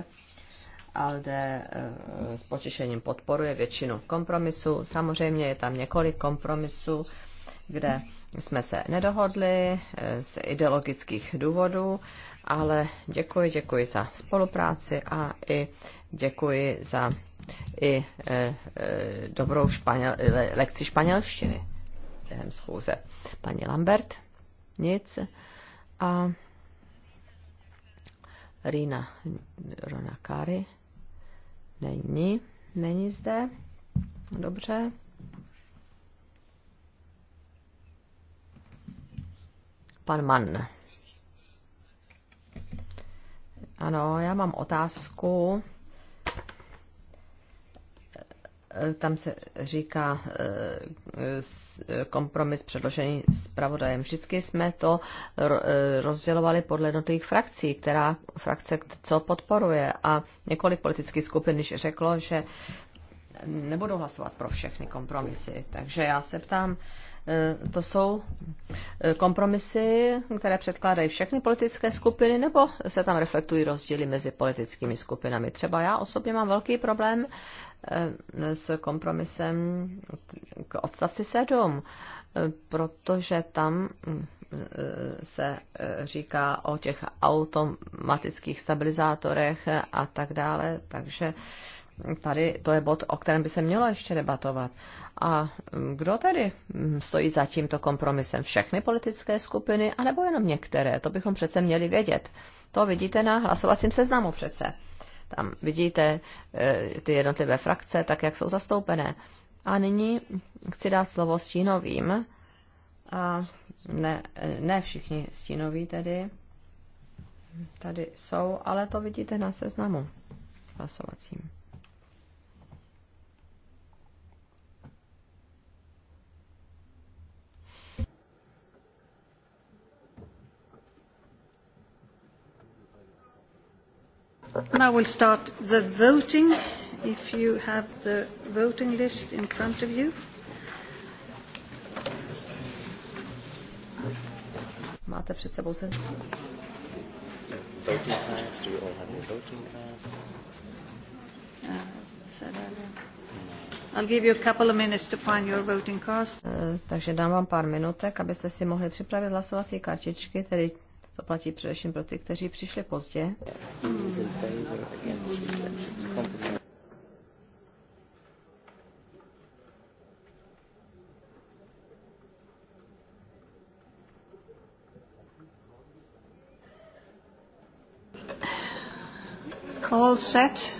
ALDE eh, s potěšením podporuje většinu kompromisů. Samozřejmě je tam několik kompromisů, kde jsme se nedohodli eh, z ideologických důvodů, ale děkuji, děkuji za spolupráci a i děkuji za i e, e, dobrou španěl, lekci španělštiny během schůze. Paní Lambert, nic. A Rina Ronakari není, není zde. Dobře. Pan Mann. Ano, já mám otázku Eh, tam se říká eh, eh, kompromis předložený zpravodajem. Vždycky jsme to rozdělovali podle jednotlivých frakcí, která frakce co podporuje. A několik politických skupin již řeklo, že nebudou hlasovat pro všechny kompromisy. Takže já se ptám, E, to jsou e, kompromisy, které předkládají všechny politické skupiny, nebo se tam reflektují rozdíly mezi politickými skupinami. Třeba já osobně mám velký problém e, s kompromisem k odstavci 7, protože tam mm, se říká o těch automatických stabilizátorech a tak dále, takže tady to je bod, o kterém by se mělo ještě debatovat. A kdo tedy stojí za tímto kompromisem? Všechny politické skupiny, anebo jenom některé? To bychom přece měli vědět. To vidíte na hlasovacím seznamu přece. Tam vidíte eh, ty jednotlivé frakce, tak jak jsou zastoupené. A nyní chci dát slovo stínovým. A ne, ne všichni stínoví tedy tady jsou, ale to vidíte na seznamu hlasovacím. Now we'll start the voting, if you have the voting list in front of you. Máte před sebou se... Voting cards, do you all have your voting cards? Uh, uh, I'll give you a couple of minutes to find your voting cards. Eh, takže dám vám pár minutek, abyste si mohli připravit hlasovací kartičky, tedy to platí především pro ty, kteří přišli pozdě. All set.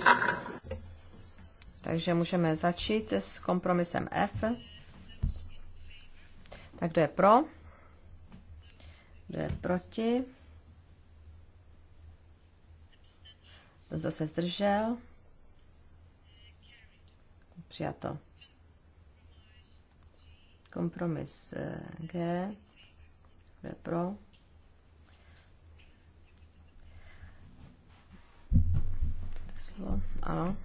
Takže můžeme začít s kompromisem F. Tak kdo je pro? Kdo je proti? Kdo se zdržel? Přijato. Kompromis eh, G. Kdo je pro? Ano.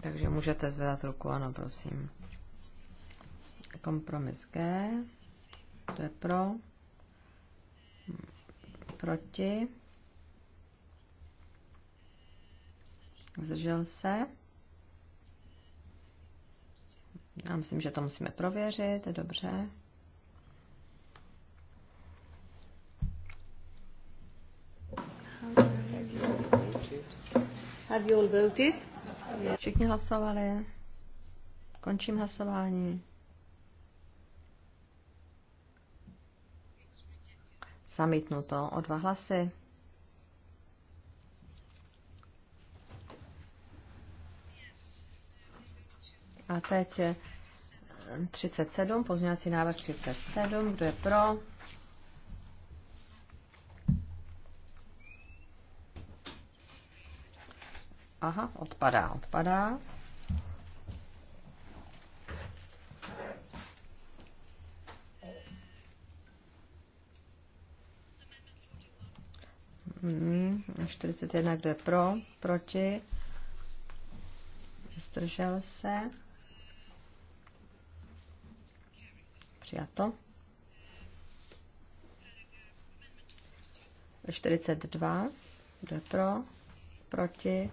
Takže můžete zvedat ruku, ano, prosím. Kompromis G. To je pro. Proti. Zdržel se. Já myslím, že to musíme prověřit, dobře. Have you all voted? Všichni hlasovali. Končím hlasování. Zamítnuto o dva hlasy. A teď 37, eh, pozměňovací návrh 37, kdo je pro? Aha, odpadá, odpadá. Hmm, 41, kdo je pro, proti, zdržel se, přijato. 42, kdo je pro, proti,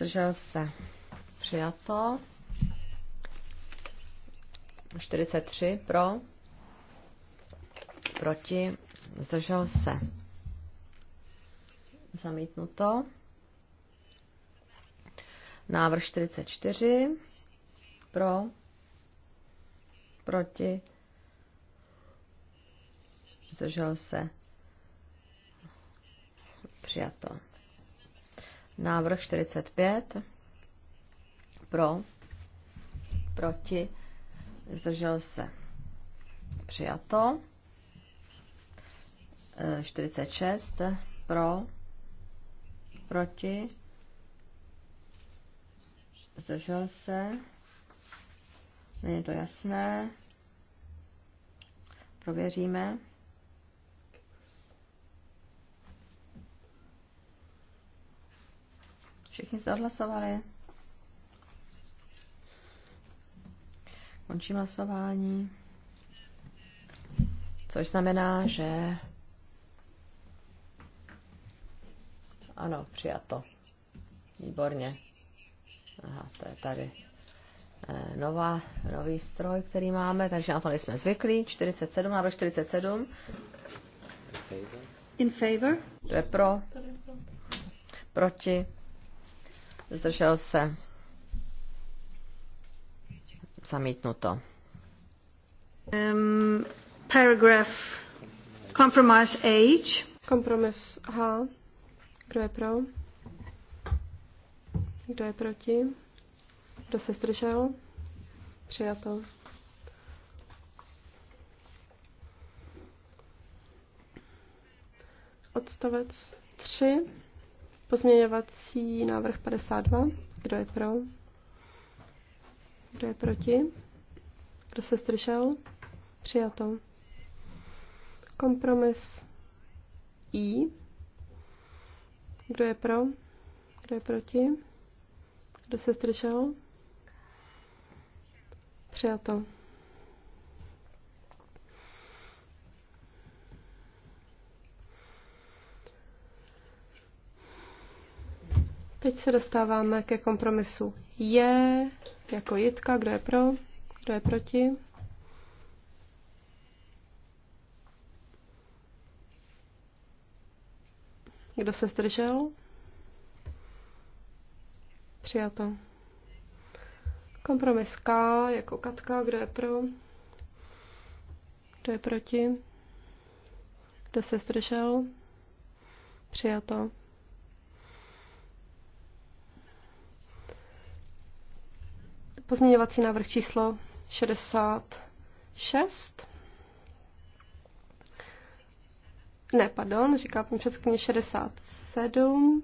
zdržel se přijato. 43 pro, proti, zdržel se zamítnuto. Návrh 44 pro, proti, zdržel se přijato. Návrh 45 pro, proti, zdržel se přijato. 46 e, pro, proti, zdržel se, není to jasné, prověříme. Všichni se odhlasovali? Končím hlasování. Což znamená, že ano, přijato. Výborně. Aha, to je tady eh, nová, nový stroj, který máme, takže na to nejsme zvyklí. 47, návrh 47. In favor? To je pro. Proti zdržel se, zamítnuto. Um, paragraf compromise H. Kompromis H. Kdo je pro? Kdo je proti? Kdo se zdržel? Přijato. Odstavec 3. Pozměňovací návrh 52. Kdo je pro? Kdo je proti? Kdo se zdržel? Přijato. Kompromis I. Kdo je pro? Kdo je proti? Kdo se zdržel? Přijato. Teď se dostáváme ke kompromisu. Je jako Jitka, kdo je pro, kdo je proti. Kdo se zdržel? Přijato. Kompromis K jako Katka, kdo je pro, kdo je proti. Kdo se zdržel? Přijato. Pozměňovací návrh číslo 66. Ne, pardon, říká paní předsedkyně 67.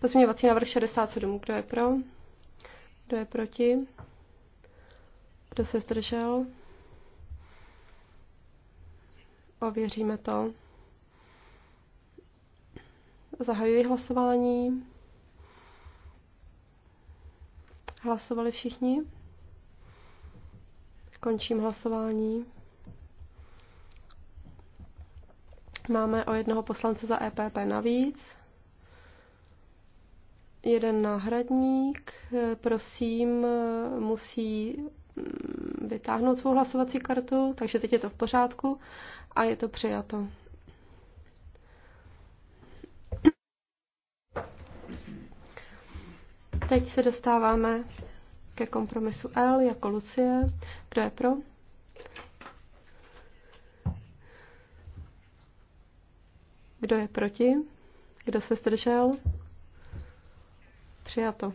Pozměňovací návrh 67. Kdo je pro? Kdo je proti? Kdo se zdržel? Ověříme to. Zahajuji hlasování. Hlasovali všichni? Končím hlasování. Máme o jednoho poslance za EPP navíc. Jeden náhradník, prosím, musí mm, vytáhnout svou hlasovací kartu, takže teď je to v pořádku a je to přijato. Teď se dostáváme ke kompromisu L jako Lucie. Kdo je pro? Kdo je proti? Kdo se zdržel? Přijato.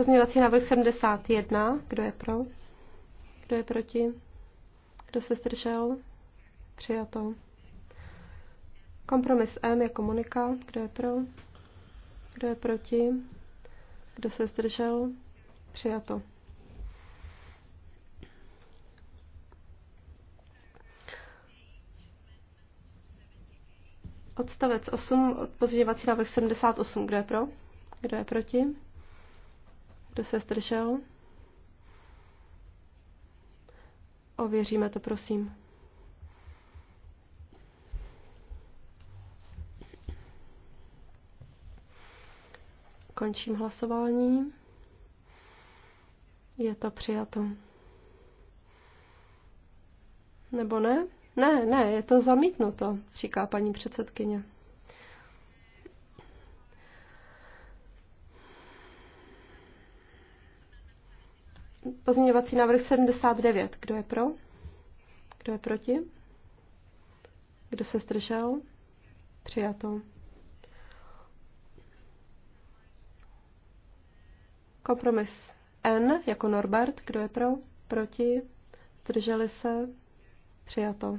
Pozměňovací návrh 71. Kdo je pro? Kdo je proti? Kdo se zdržel? Přijato. Kompromis M je komunika. Kdo je pro? Kdo je proti? Kdo se zdržel? Přijato. Odstavec 8, pozměňovací návrh 78. Kdo je pro? Kdo je proti? Kdo se zdržel? Ověříme to, prosím. Končím hlasování. Je to přijato. Nebo ne? Ne, ne, je to zamítnuto, říká paní předsedkyně. pozměňovací návrh 79. Kdo je pro? Kdo je proti? Kdo se zdržel? Přijato. Kompromis N jako Norbert. Kdo je pro? Proti? Zdrželi se? Přijato.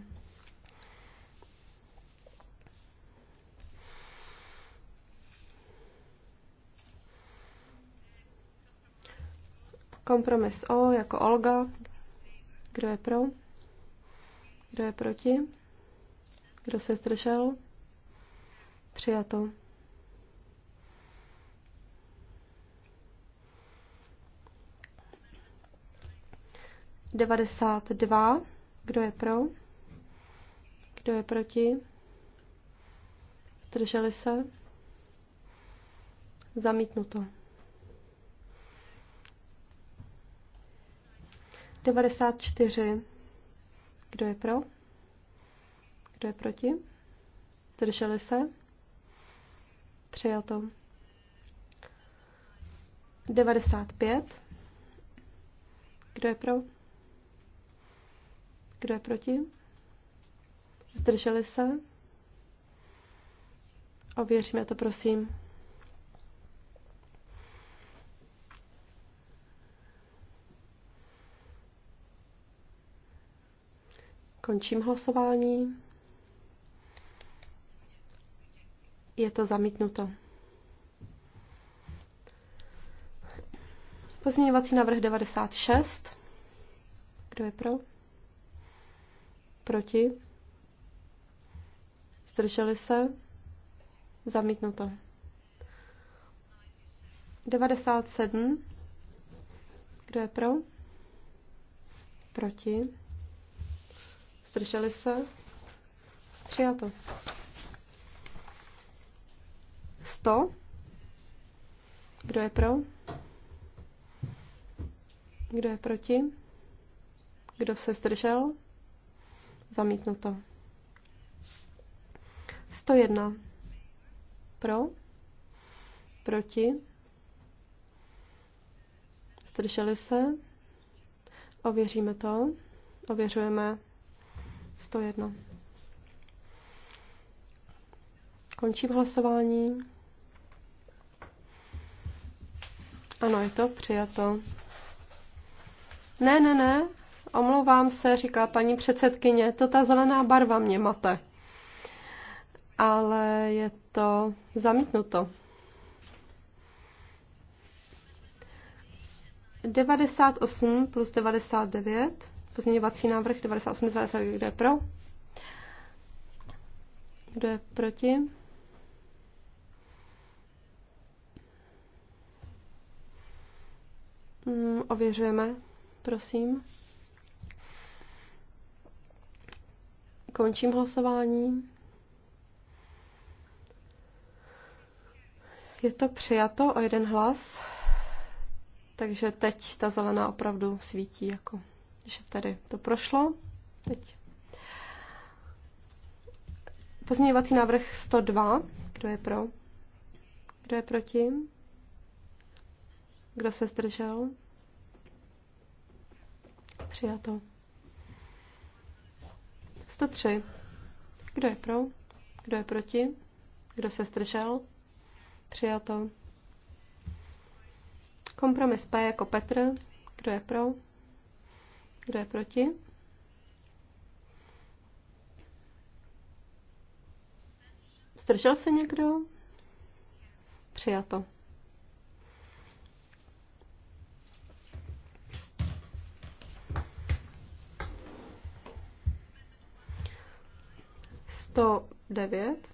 Kompromis O jako Olga. Kdo je pro? Kdo je proti? Kdo se zdržel? Přijato. Devadesát dva. Kdo je pro? Kdo je proti? Zdrželi se? Zamítnuto. 94. Kdo je pro? Kdo je proti? Zdrželi se? Přijato. 95. Kdo je pro? Kdo je proti? Zdrželi se? Ověříme to, prosím. Končím hlasování. Je to zamítnuto. Pozměňovací návrh 96. Kdo je pro? Proti? Zdrželi se? Zamítnuto. 97. Kdo je pro? Proti? Zdrželi se? Přijato. 100. Kdo je pro? Kdo je proti? Kdo se zdržel? Zamítnuto. 101. Pro? Proti? Zdrželi se? Ověříme to. Ověřujeme 101. Končím hlasování. Ano, je to přijato. Ne, ne, ne, omlouvám se, říká paní předsedkyně, to ta zelená barva mě mate. Ale je to zamítnuto. 98 plus 99. Pozměňovací návrh 98 kdo je pro? Kdo je proti? Mm, ověřujeme, prosím. Končím hlasování. Je to přijato o jeden hlas, takže teď ta zelená opravdu svítí jako že tady to prošlo. Teď. Pozměňovací návrh 102. Kdo je pro? Kdo je proti? Kdo se zdržel? Přijato. 103. Kdo je pro? Kdo je proti? Kdo se zdržel? Přijato. Kompromis P jako Petr. Kdo je pro? Kdo je proti? Zdržel se někdo? Přijato. Sto devět.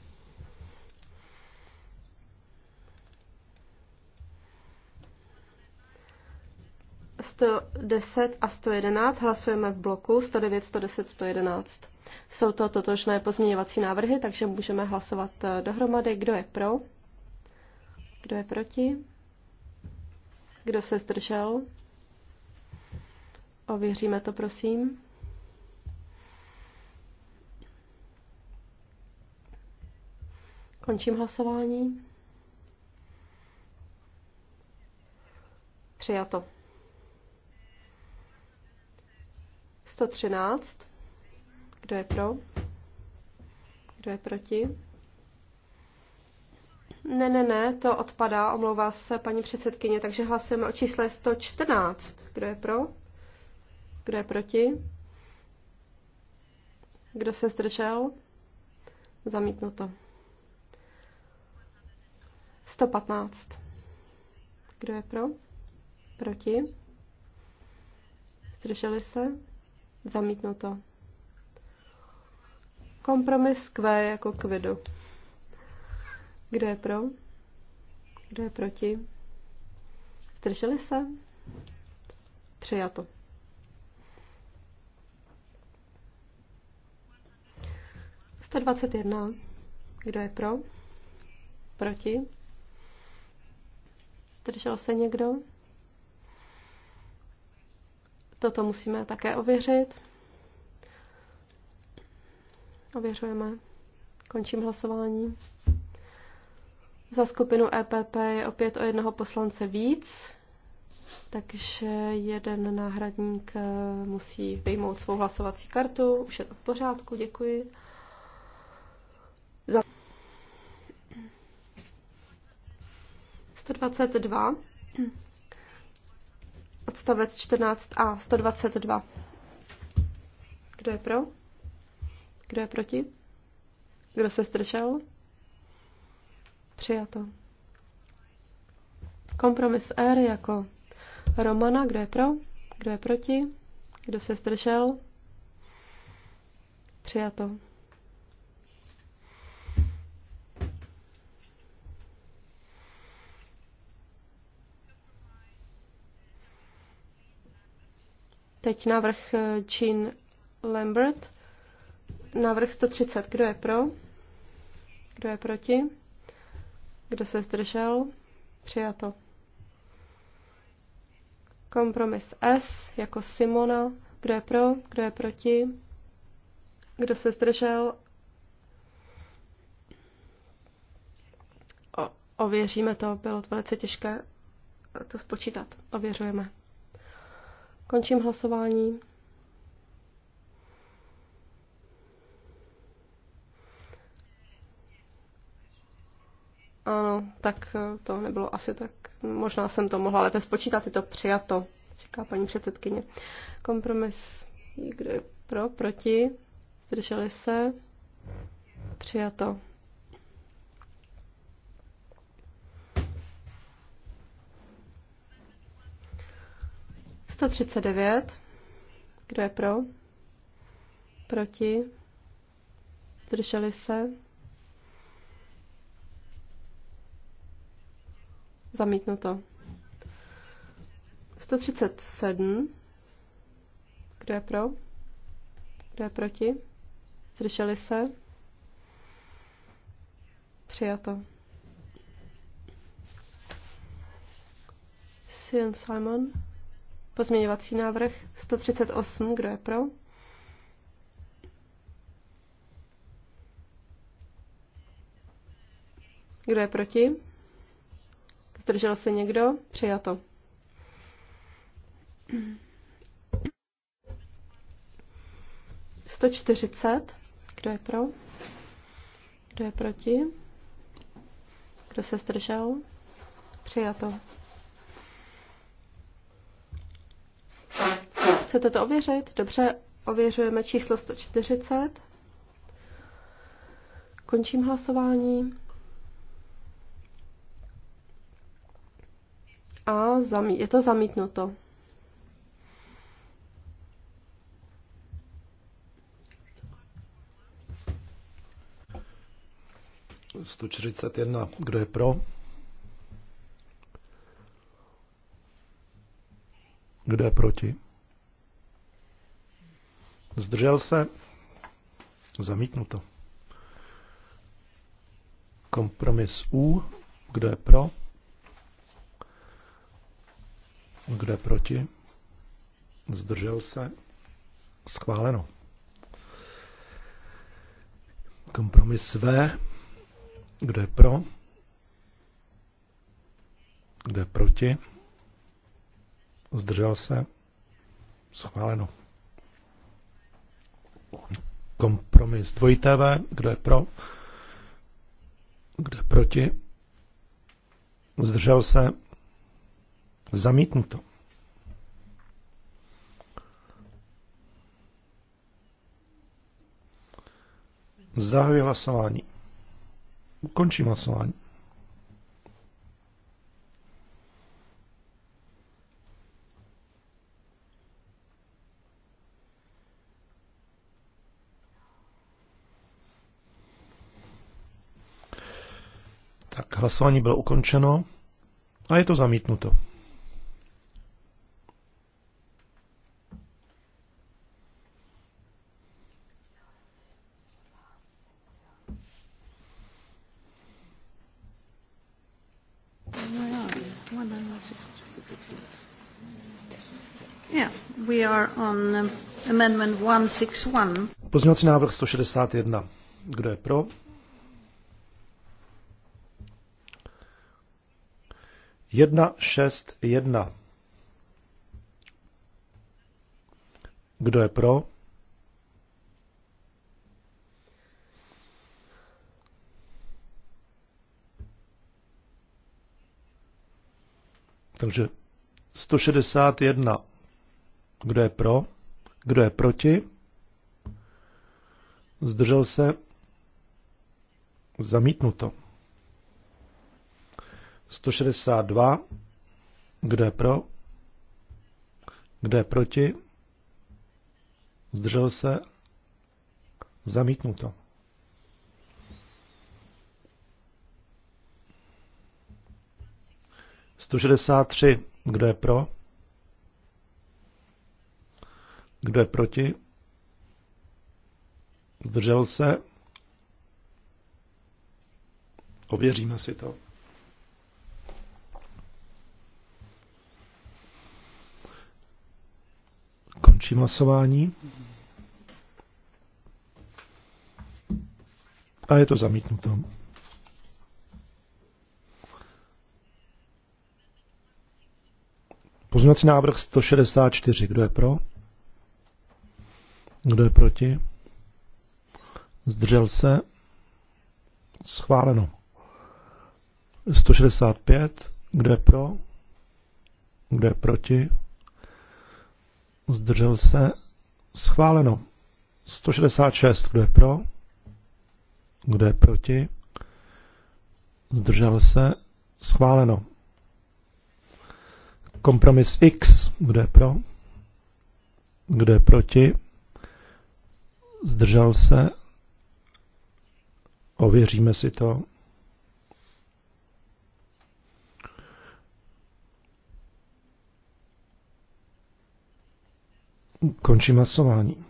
110 a 111 hlasujeme v bloku 109, 110, 111. Jsou to totožné pozměňovací návrhy, takže můžeme hlasovat eh, dohromady. Kdo je pro? Kdo je proti? Kdo se zdržel? Ověříme to, prosím. Končím hlasování. Přijato. 113. Kdo je pro? Kdo je proti? Ne, ne, ne, to odpadá, omlouvá se paní předsedkyně, takže hlasujeme o čísle 114. Kdo je pro? Kdo je proti? Kdo se zdržel? Zamítnuto. 115. Kdo je pro? Proti? Zdrželi se? Zamítnuto. Kompromis Q jako kvidu. Kdo je pro? Kdo je proti? Zdrželi se? Přijato. Sto dvacet jedna. Kdo je pro? Proti? Zdržel se někdo? Toto musíme také ověřit. Ověřujeme. Končím hlasování. Za skupinu EPP je opět o jednoho poslance víc, takže jeden náhradník eh, musí vyjmout svou hlasovací kartu. Už je to v pořádku, děkuji. Za 122 odstavec 14a, 122. Kdo je pro? Kdo je proti? Kdo se zdržel? Přijato. Kompromis R jako Romana, kdo je pro? Kdo je proti? Kdo se zdržel? Přijato. Teď návrh eh, Jean Lambert. Návrh 130. Kdo je pro? Kdo je proti? Kdo se zdržel? Přijato. Kompromis S jako Simona. Kdo je pro? Kdo je proti? Kdo se zdržel? O, ověříme to, bylo to velice těžké to spočítat. Ověřujeme. Končím hlasování. Ano, tak eh, to nebylo asi tak. Možná jsem to mohla lépe spočítat, je to přijato, říká paní předsedkyně. Kompromis, kdo je pro, proti, zdrželi se, přijato. 139. Kdo je pro? Proti? Zdrželi se? Zamítnuto. 137. Kdo je pro? Kdo je proti? Zdrželi se? Přijato. Sian Simon. Pozměňovací návrh 138, kdo je pro? Kdo je proti? Zdržel se někdo? Přijato. Sto čtyřicet. Kdo je pro? Kdo je proti? Kdo se zdržel? Přijato. Chcete to ověřit? Dobře, ověřujeme číslo 140. Končím hlasování. A je to zamítnuto. Sto čtyřicet jedna. Kdo je pro? Kdo je proti? Zdržel se? Zamítnuto. Kompromis U. Kdo je pro? Kdo je proti? Zdržel se? Schváleno. Kompromis V. Kdo je pro? Kdo je proti? Zdržel se? Schváleno. Kompromis dvojité V, kdo je pro, kdo je proti, zdržel se, zamítnuto. Zahajuji hlasování. Ukončím hlasování. Tak hlasování bylo ukončeno a je to zamítnuto. Yeah, we are on um, amendment 161. Pozměňovací návrh 161. Kdo je pro? Jedna, šest, jedna. Kdo je pro? Takže 161. Kdo je pro? Kdo je proti? Zdržel se? Zamítnuto. 162. Kdo je pro? Kdo je proti? Zdržel se? Zamítnuto. Sto šedesát tři. Kdo je pro? Kdo je proti? Zdržel se? Ověříme si to. Končím hlasování. A je to zamítnuto. Pozměňovací návrh 164. Kdo je pro? Kdo je proti? Zdržel se? Schváleno. 165. Kdo je pro? Kdo je proti? zdržel se, schváleno. 166, kdo je pro, kdo je proti, zdržel se, schváleno. Kompromis X, kdo je pro, kdo je proti, zdržel se, ověříme si to. Končím hlasování.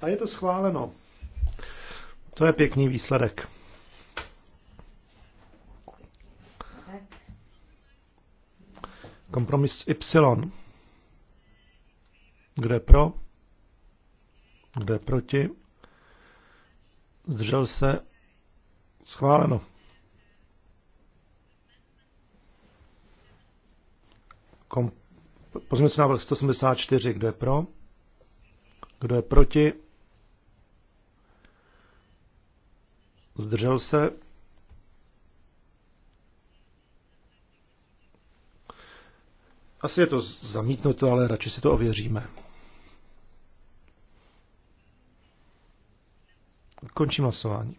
A je to schváleno. To je pěkný výsledek. Kompromis Y. Kde pro? Kde proti? Zdržel se? Schváleno. Kom... návrh 174, kdo je pro? Kdo je proti? Zdržel se? Asi je to zamítnuto, ale radši si to ověříme. Končím hlasování.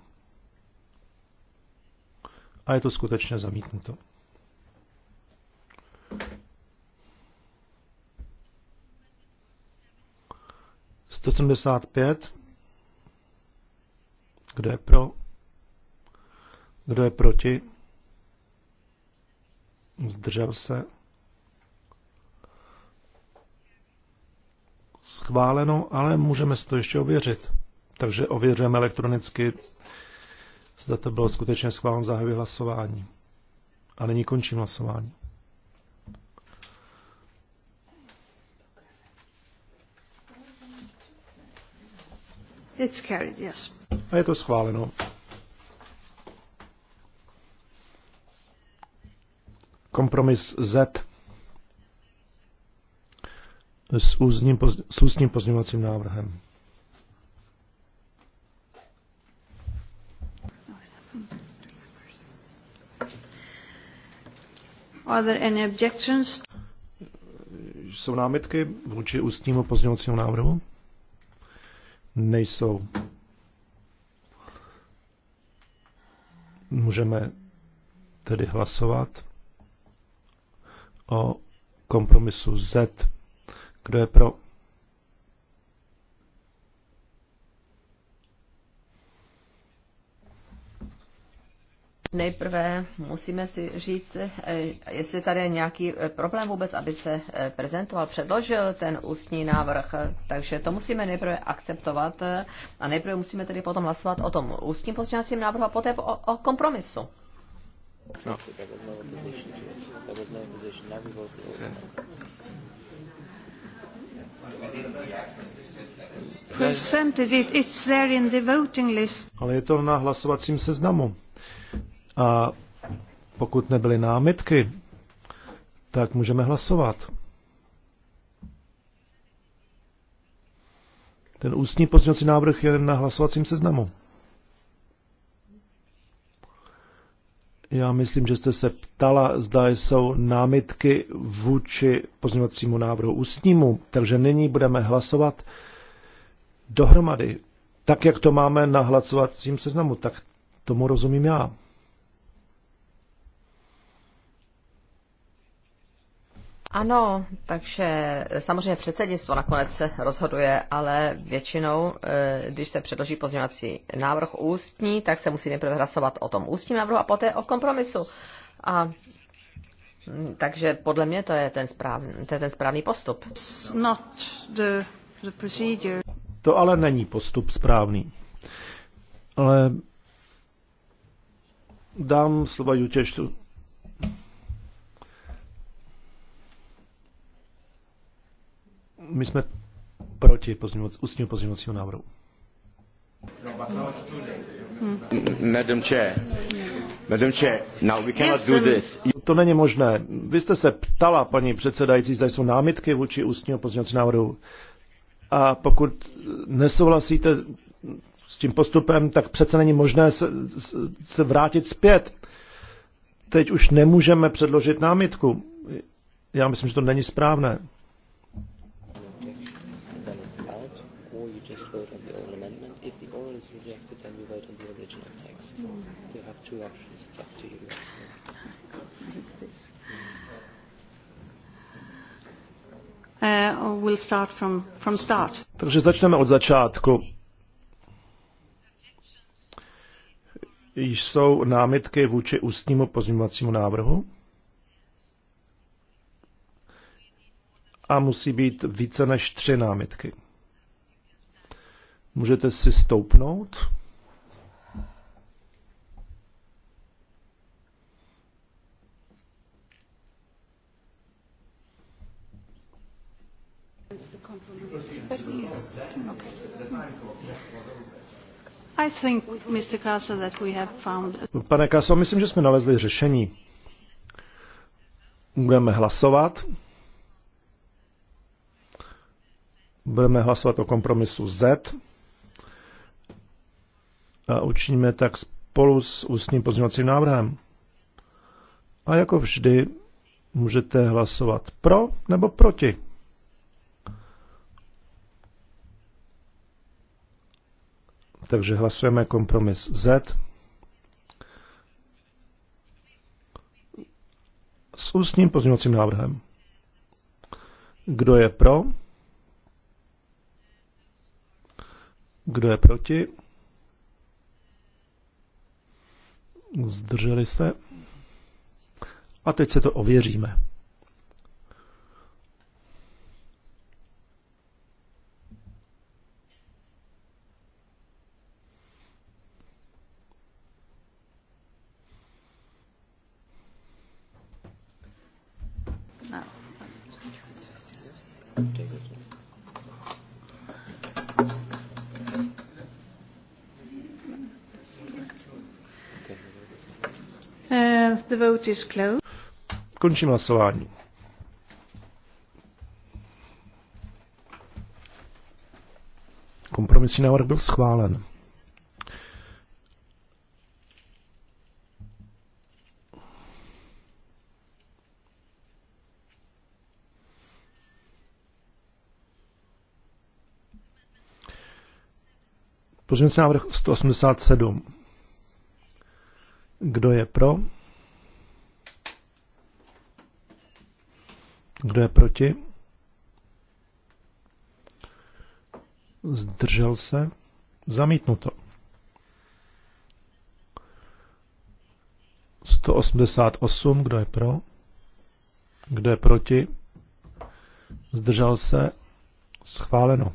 A je to skutečně zamítnuto. 175. Kdo je pro? Kdo je proti? Zdržel se. Schváleno, ale můžeme si to ještě ověřit. Takže ověřujeme elektronicky, zda to bylo skutečně schváleno zahajuji hlasování. A nyní končím hlasování. It's carried, yes. A je to schváleno. Kompromis Z s, ústním s ústním pozměňovacím návrhem. Are there any objections? Jsou námitky vůči ústnímu pozměňovacímu návrhu? nejsou. Můžeme tedy hlasovat o kompromisu Z. Kdo je pro? Nejprve musíme si říct, eh, jestli tady je nějaký eh, problém vůbec, aby se eh, prezentoval, předložil ten ústní návrh. Takže to musíme nejprve akceptovat a nejprve musíme tedy potom hlasovat o tom ústním pozměňovacím návrhu a poté o, o kompromisu. No. Ale je to na hlasovacím seznamu. A pokud nebyly námitky, tak můžeme hlasovat. Ten ústní pozměňovací návrh je na hlasovacím seznamu. Já myslím, že jste se ptala, zda jsou námitky vůči pozměňovacímu návrhu ústnímu, takže nyní budeme hlasovat dohromady. Tak, jak to máme na hlasovacím seznamu, tak tomu rozumím já. Ano, takže samozřejmě předsednictvo nakonec se rozhoduje, ale většinou, eh, když se předloží pozměňovací návrh ústní, tak se musí nejprve hlasovat o tom ústním návrhu a poté o kompromisu. A mm, takže podle mě to je ten správný, to je ten správný postup. To ale není postup správný. Ale dám slova Jutěštu My jsme proti pozměňovac, ústního pozměňovacího návrhu. Hmm. Madam Chair, Madam Chair, now we cannot do this. To není možné. Vy jste se ptala, paní předsedající, zda jsou námitky vůči ústního pozměňovacího návrhu. A pokud nesouhlasíte s tím postupem, tak přece není možné se, se vrátit zpět. Teď už nemůžeme předložit námitku. Já myslím, že to není správné. Uh, start from, from start. Takže začneme od začátku. jsou námitky vůči ústnímu pozměňovacímu návrhu? A musí být více než tři námitky. Můžete si stoupnout? No, pane Kaso, myslím, že jsme nalezli řešení. Budeme hlasovat. Budeme hlasovat o kompromisu Z. A učiníme tak spolu s ústním pozměňovacím návrhem. A jako vždy můžete hlasovat pro nebo proti. takže hlasujeme kompromis Z. S ústním pozměňovacím návrhem. Kdo je pro? Kdo je proti? Zdrželi se? A teď se to ověříme. vote is closed. Končím hlasování. Kompromisní návrh byl schválen. Pozměňovací návrh 187. Kdo je pro? Kdo je proti? Zdržel se? Zamítnuto. 188, kdo je pro? Kdo je proti? Zdržel se? Schváleno.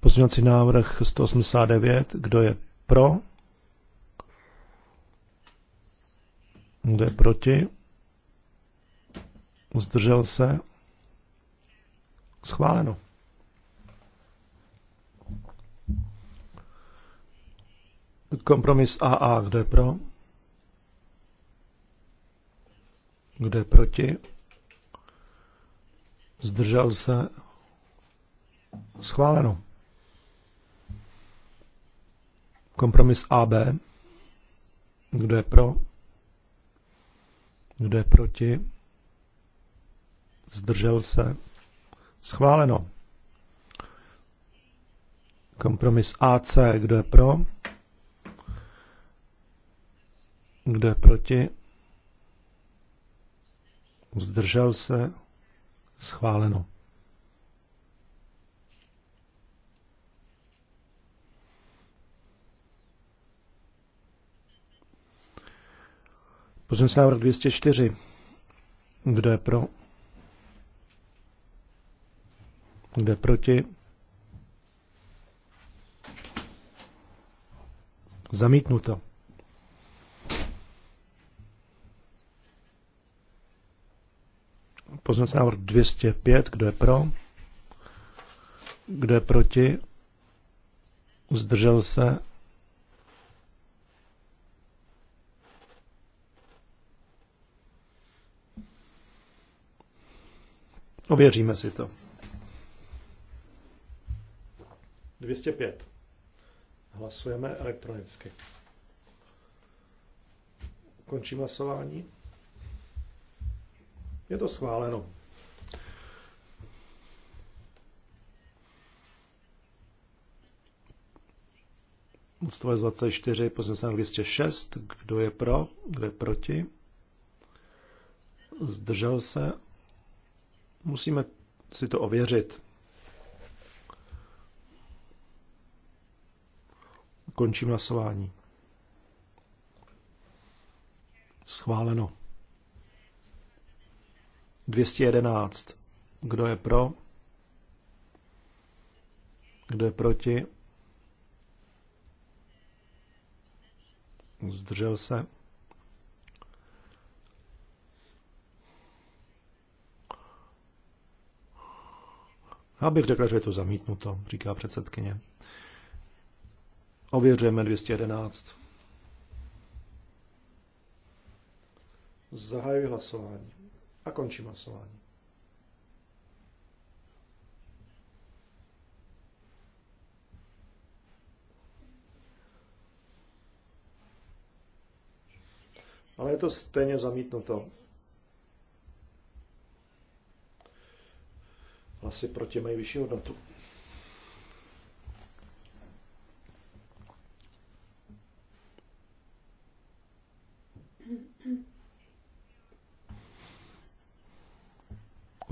Pozměňovací návrh 189, kdo je pro? Kdo je proti? zdržel se, schváleno. Kompromis AA, kdo je pro? Kdo je proti? Zdržel se? Schváleno. Kompromis AB. Kdo je pro? Kdo je proti? zdržel se, schváleno. Kompromis AC, kdo je pro, kdo je proti, zdržel se, schváleno. se návrh 204. Kdo je pro? Kdo je proti? Zamítnuto. Poznací návrh 205. Kdo je pro? Kdo je proti? Zdržel se? Ověříme si to. 205. Hlasujeme elektronicky. Končím hlasování. Je to schváleno. Odstavec 24, poslední 206. Kdo je pro? Kdo je proti? Zdržel se? Musíme si to ověřit. Končím hlasování. Schváleno. 211. Kdo je pro? Kdo je proti? Zdržel se. Abych řekl, že je to zamítnuto, říká předsedkyně. Ověřujeme 211. Zahajuji hlasování a končím hlasování. Ale je to stejně zamítnuto. Hlasy proti mají vyšší hodnotu.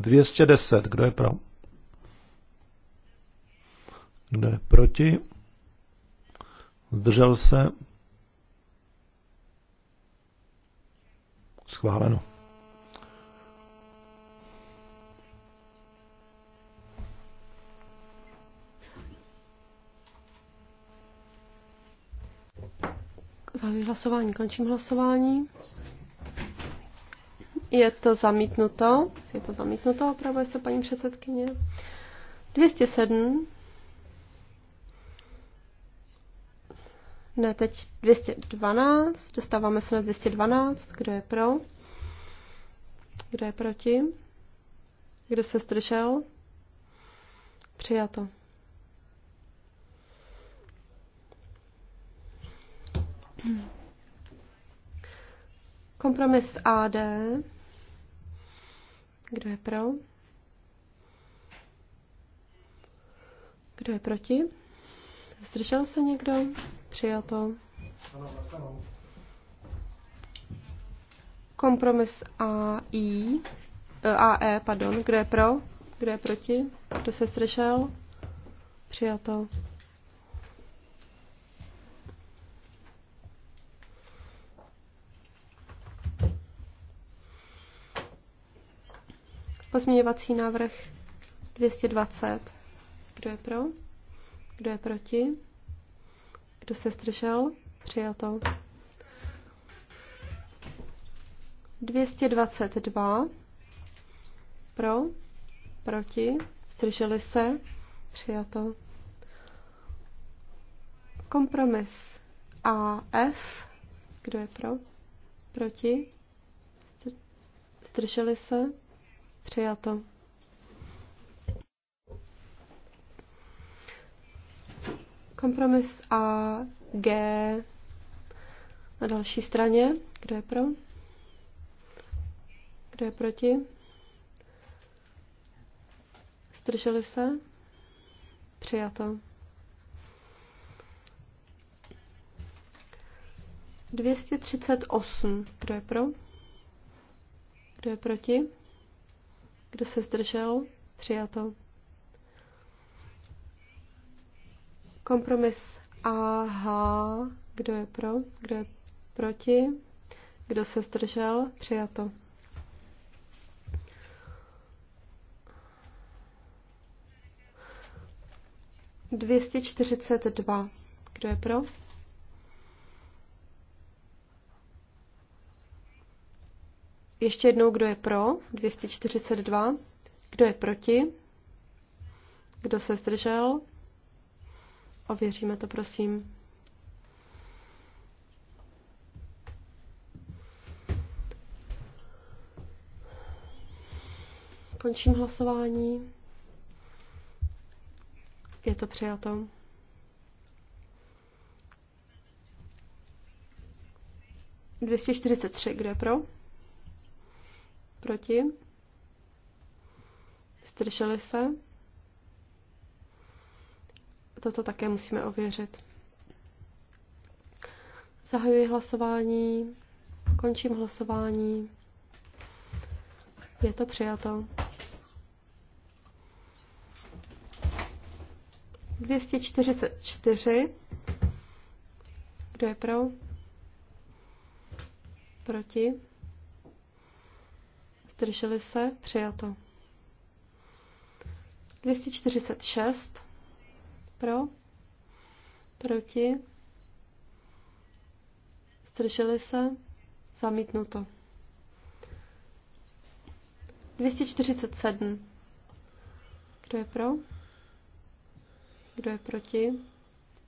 210. Kdo je pro? Kdo je proti? Zdržel se? Schváleno. Zahajuji hlasování, končím hlasování. Je to zamítnuto. Je to zamítnuto, opravuje se paní předsedkyně. 207. Ne, teď 212. Dostáváme se na 212. Kdo je pro? Kdo je proti? Kdo se zdržel? Přijato. Kompromis AD. Kdo je pro? Kdo je proti? Zdržel se někdo? to? Kompromis a i a e pardon, kdo je pro? Kdo je proti? Kdo se zdržel? to? Pozměňovací návrh 220. Kdo je pro? Kdo je proti? Kdo se zdržel? Přijato. 222. Pro? Proti? Zdrželi se? Přijato. Kompromis AF. Kdo je pro? Proti? Zdrželi se? Přijato. Kompromis A, G na další straně. Kdo je pro? Kdo je proti? Zdrželi se? Přijato. Dvěstě třicet osm. Kdo je pro? Kdo je proti? Kdo se zdržel? Přijato. Kompromis AH. Kdo je pro? Kdo je proti? Kdo se zdržel? Přijato. Dvěstě čtyřicet dva. Kdo je pro? Ještě jednou, kdo je pro? 242. Kdo je proti? Kdo se zdržel? Ověříme to, prosím. Končím hlasování. Je to přijato. Dvěstě čtyřicet tři, kdo je pro? Proti? Zdrželi se? Toto také musíme ověřit. Zahajuji hlasování, končím hlasování. Je to přijato. 244. Kdo je pro? Proti? Zdrželi se? Přijato. 246. Pro? Proti? Zdrželi se? Zamítnuto. 247. Kdo je pro? Kdo je proti?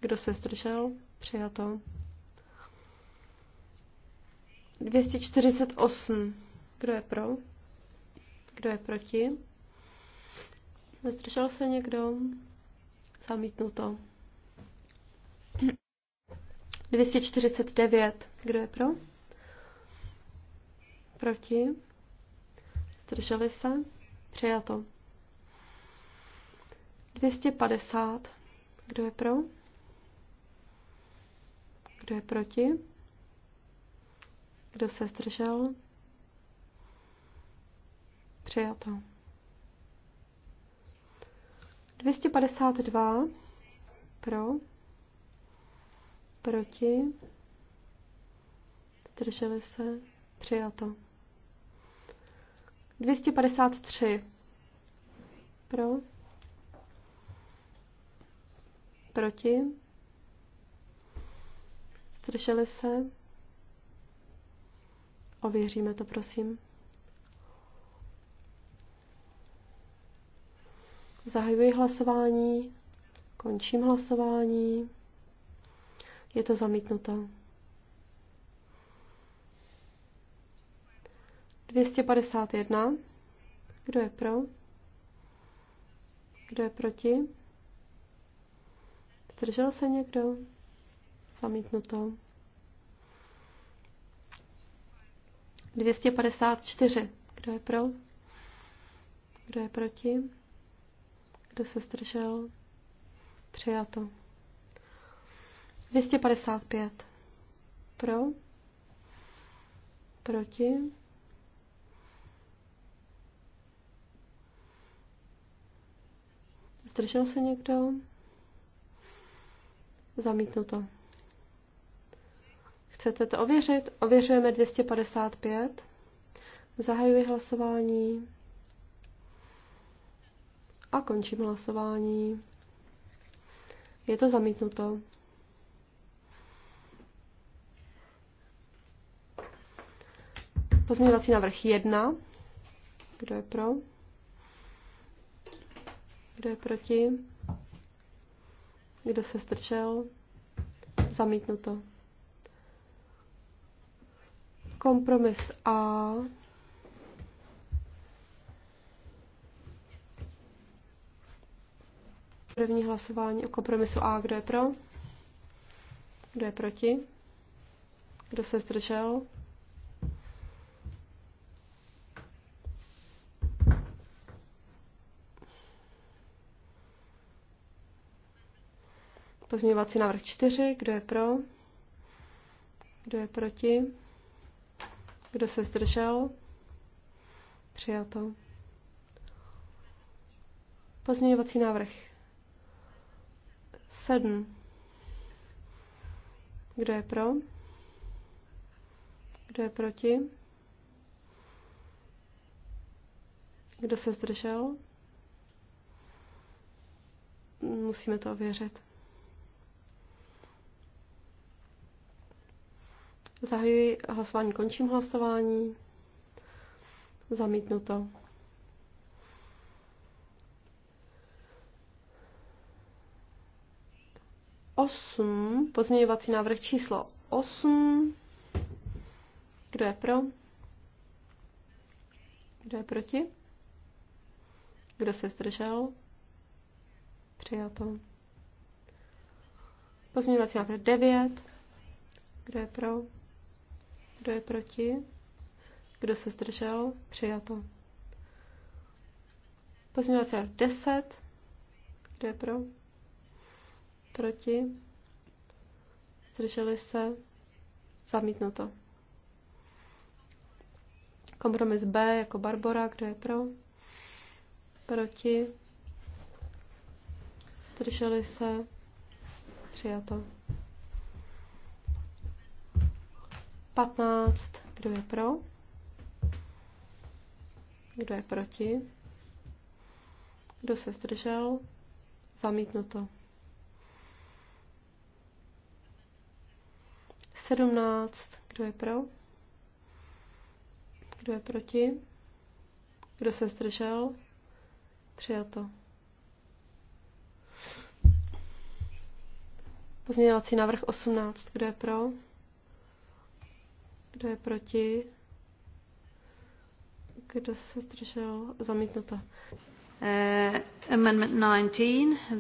Kdo se zdržel? Přijato. 248. Kdo je pro? Kdo je proti? Zdržel se někdo? Zamítnuto. 249. Kdo je pro? Proti? Zdrželi se? Přijato. 250. Kdo je pro? Kdo je proti? Kdo se zdržel? Přijato. 252 pro, proti, zdrželi se, přijato. 253 pro, proti, zdrželi se, ověříme to, prosím. Zahajuji hlasování. Končím hlasování. Je to zamítnuto. 251. Kdo je pro? Kdo je proti? Zdržel se někdo? Zamítnuto. 254. Kdo je pro? Kdo je proti? Kdo se zdržel? Přijato. 255. Pro? Proti? Zdržel se někdo? Zamítnuto. Chcete to ověřit? Ověřujeme 255. Zahajuji hlasování. A končím hlasování. Je to zamítnuto. Pozměňovací návrh 1. Kdo je pro? Kdo je proti? Kdo se strčel? Zamítnuto. Kompromis A. První hlasování o kompromisu A. Kdo je pro? Kdo je proti? Kdo se zdržel? Pozměňovací návrh 4. Kdo je pro? Kdo je proti? Kdo se zdržel? Přijato. Pozměňovací návrh 7. Kdo je pro? Kdo je proti? Kdo se zdržel? Musíme to ověřit. Zahajuji hlasování, končím hlasování. Zamítnu to. 8, pozměňovací návrh číslo 8. Kdo je pro? Kdo je proti? Kdo se zdržel? Přijato. Pozměňovací návrh 9. Kdo je pro? Kdo je proti? Kdo se zdržel? Přijato. Pozměňovací návrh 10. Kdo je pro? proti, zdrželi se, zamítnuto. Kompromis B jako Barbora, kdo je pro, proti, zdrželi se, přijato. 15, kdo je pro, kdo je proti, kdo se zdržel, zamítnuto. 17. Kdo je pro? Kdo je proti? Kdo se zdržel? Přijato. Pozměňovací návrh 18. Kdo je pro? Kdo je proti? Kdo se zdržel? Zamítnuto. Uh, amendment 19.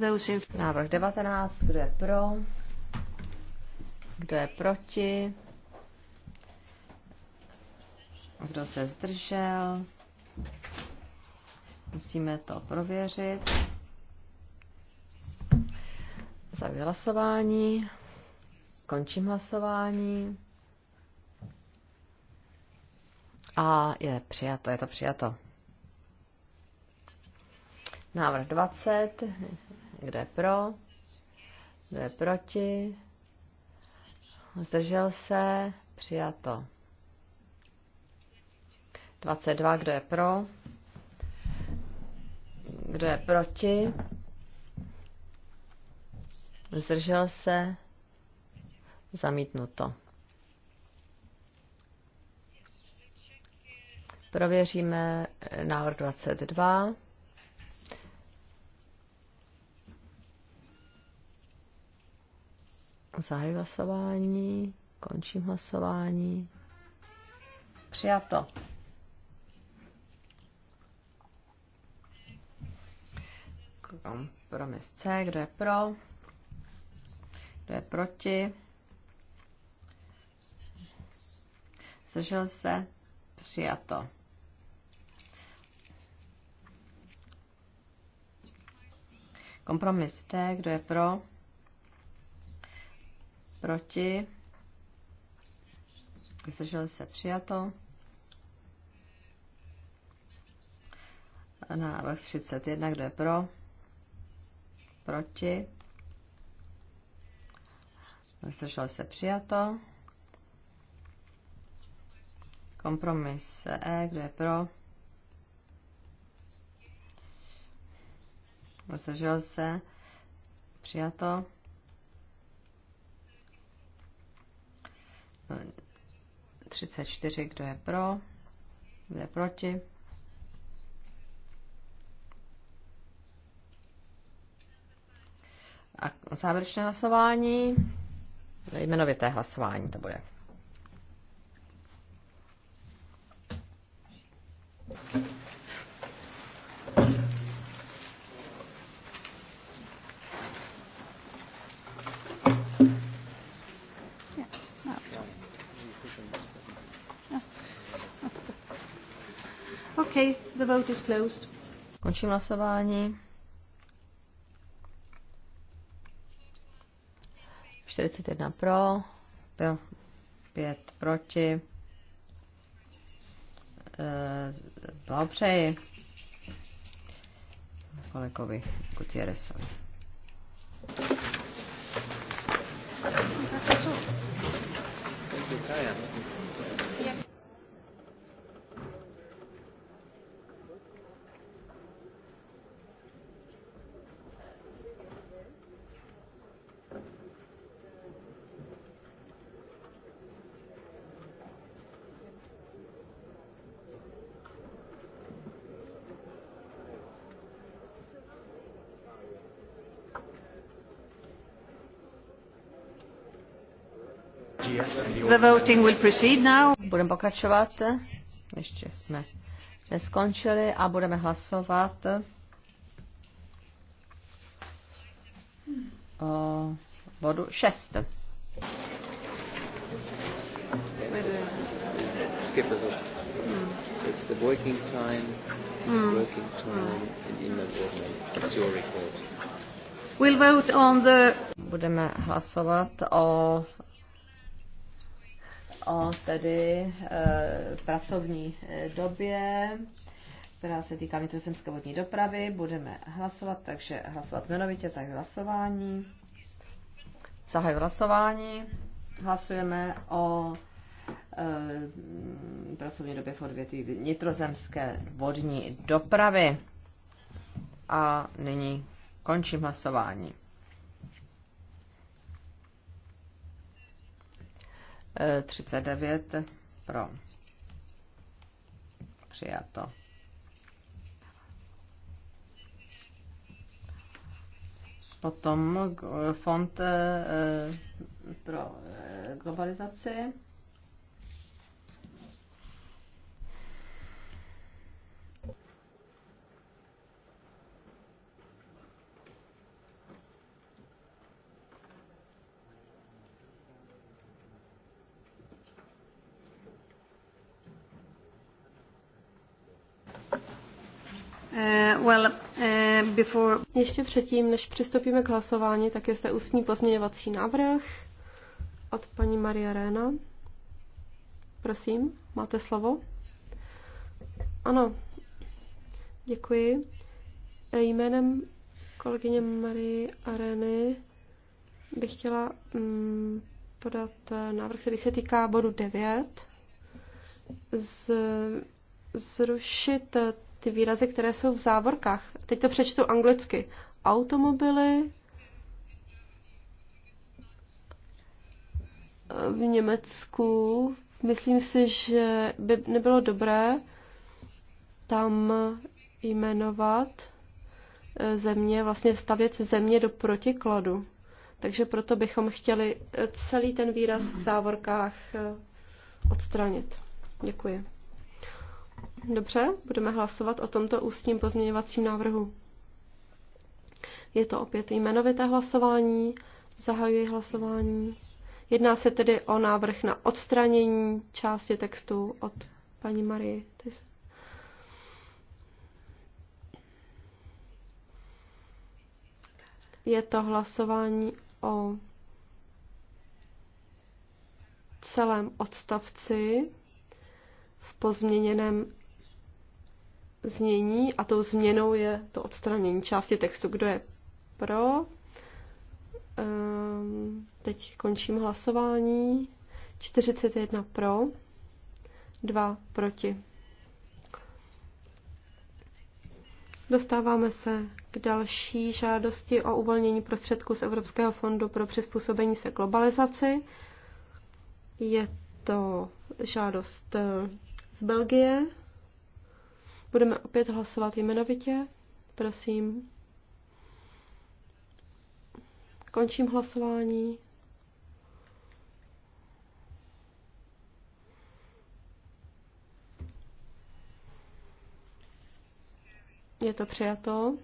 Those in... Návrh 19. Kdo je pro? Kdo je proti? Kdo se zdržel? Musíme to prověřit. Za vyhlasování. Končím hlasování. A je přijato, je to přijato. Návrh 20. Kdo je pro? Kdo je proti? zdržel se, přijato. 22, kdo je pro, kdo je proti, zdržel se, zamítnuto. Prověříme návrh 22. Zahaj hlasování, končím hlasování. Přijato. Kompromis C, kdo je pro, kdo je proti. Zdržel se, přijato. Kompromis D, kdo je pro, proti, zdrželi se přijato. Návrh 31, kdo je pro, proti, zdrželi se přijato. Kompromis E, kdo je pro, zdržel se, přijato. 34, kdo je pro, kdo je proti. A závěrečné hlasování, jmenovité hlasování to bude. Okay, the vote is closed. Končím hlasování. 41 pro, byl 5 proti. Eh, blahopřeji kolegovi Gutierrezovi. Thank you, Kaja. Budeme pokračovat. Ještě jsme neskončili a budeme hlasovat o bodu 6. Skip hmm. It's the working time, mm. working time and It's your report. We'll vote on the... Budeme hlasovat o o tedy e, pracovní e, době, která se týká vnitrozemské vodní dopravy. Budeme hlasovat, takže hlasovat jmenovitě, zahajuji hlasování. Zahajuji hlasování. Hlasujeme o e, pracovní době v odvětví vnitrozemské vodní dopravy. A nyní končím hlasování. 39 pro. Přijato. Potom fond eh, pro eh, globalizaci. Eh, well, eh, before... Ještě předtím, než přistoupíme k hlasování, tak je zde ústní pozměňovací návrh od paní Maria Réna. Prosím, máte slovo. Ano, děkuji. Eh, jménem kolegyně Marie Areny bych chtěla mm, podat návrh, který se týká bodu 9. Z, zrušit ty výrazy, které jsou v závorkách. Teď to přečtu anglicky. Automobily eh, v Německu, myslím si, že by nebylo dobré tam jmenovat eh, země, vlastně stavět země do protikladu. Takže proto bychom chtěli eh, celý ten výraz v závorkách odstranit. Děkuji. Dobře, budeme hlasovat o tomto ústním pozměňovacím návrhu. Je to opět jmenovité hlasování. Zahajuji hlasování. Jedná se tedy o návrh na odstranění části textu od paní Marie. Je to hlasování o celém odstavci v pozměněném znění a tou změnou je to odstranění části textu. Kdo je pro? Ehm, teď končím hlasování. 41 pro, 2 proti. Dostáváme se k další žádosti o uvolnění prostředků z Evropského fondu pro přizpůsobení se globalizaci. Je to žádost z Belgie, Budeme opět hlasovat jmenovitě. Prosím. Končím hlasování. Je to přijato.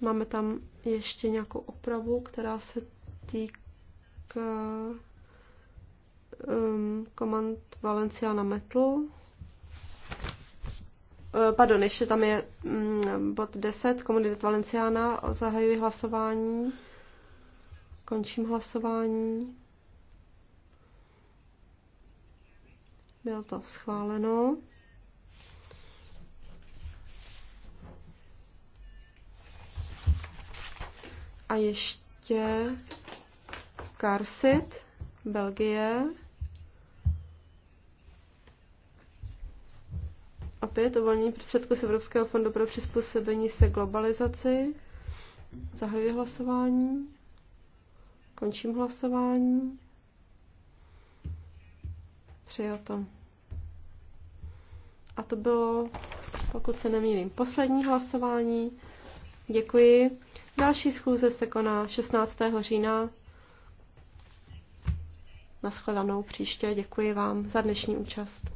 Máme tam ještě nějakou opravu, která se týká um, Command na Metal. Eh, pardon, ještě tam je mm, bod 10, Komunit Valenciana, zahajuji hlasování, končím hlasování. Bylo to schváleno. A ještě Karsit, Belgie. Opět uvolnění prostředků z Evropského fondu pro přizpůsobení se globalizaci. Zahajuji hlasování. Končím hlasování. Přijato. A to bylo, pokud se nemýlím, poslední hlasování. Děkuji. Další schůze se koná 16. října. Naschledanou příště. Děkuji vám za dnešní účast.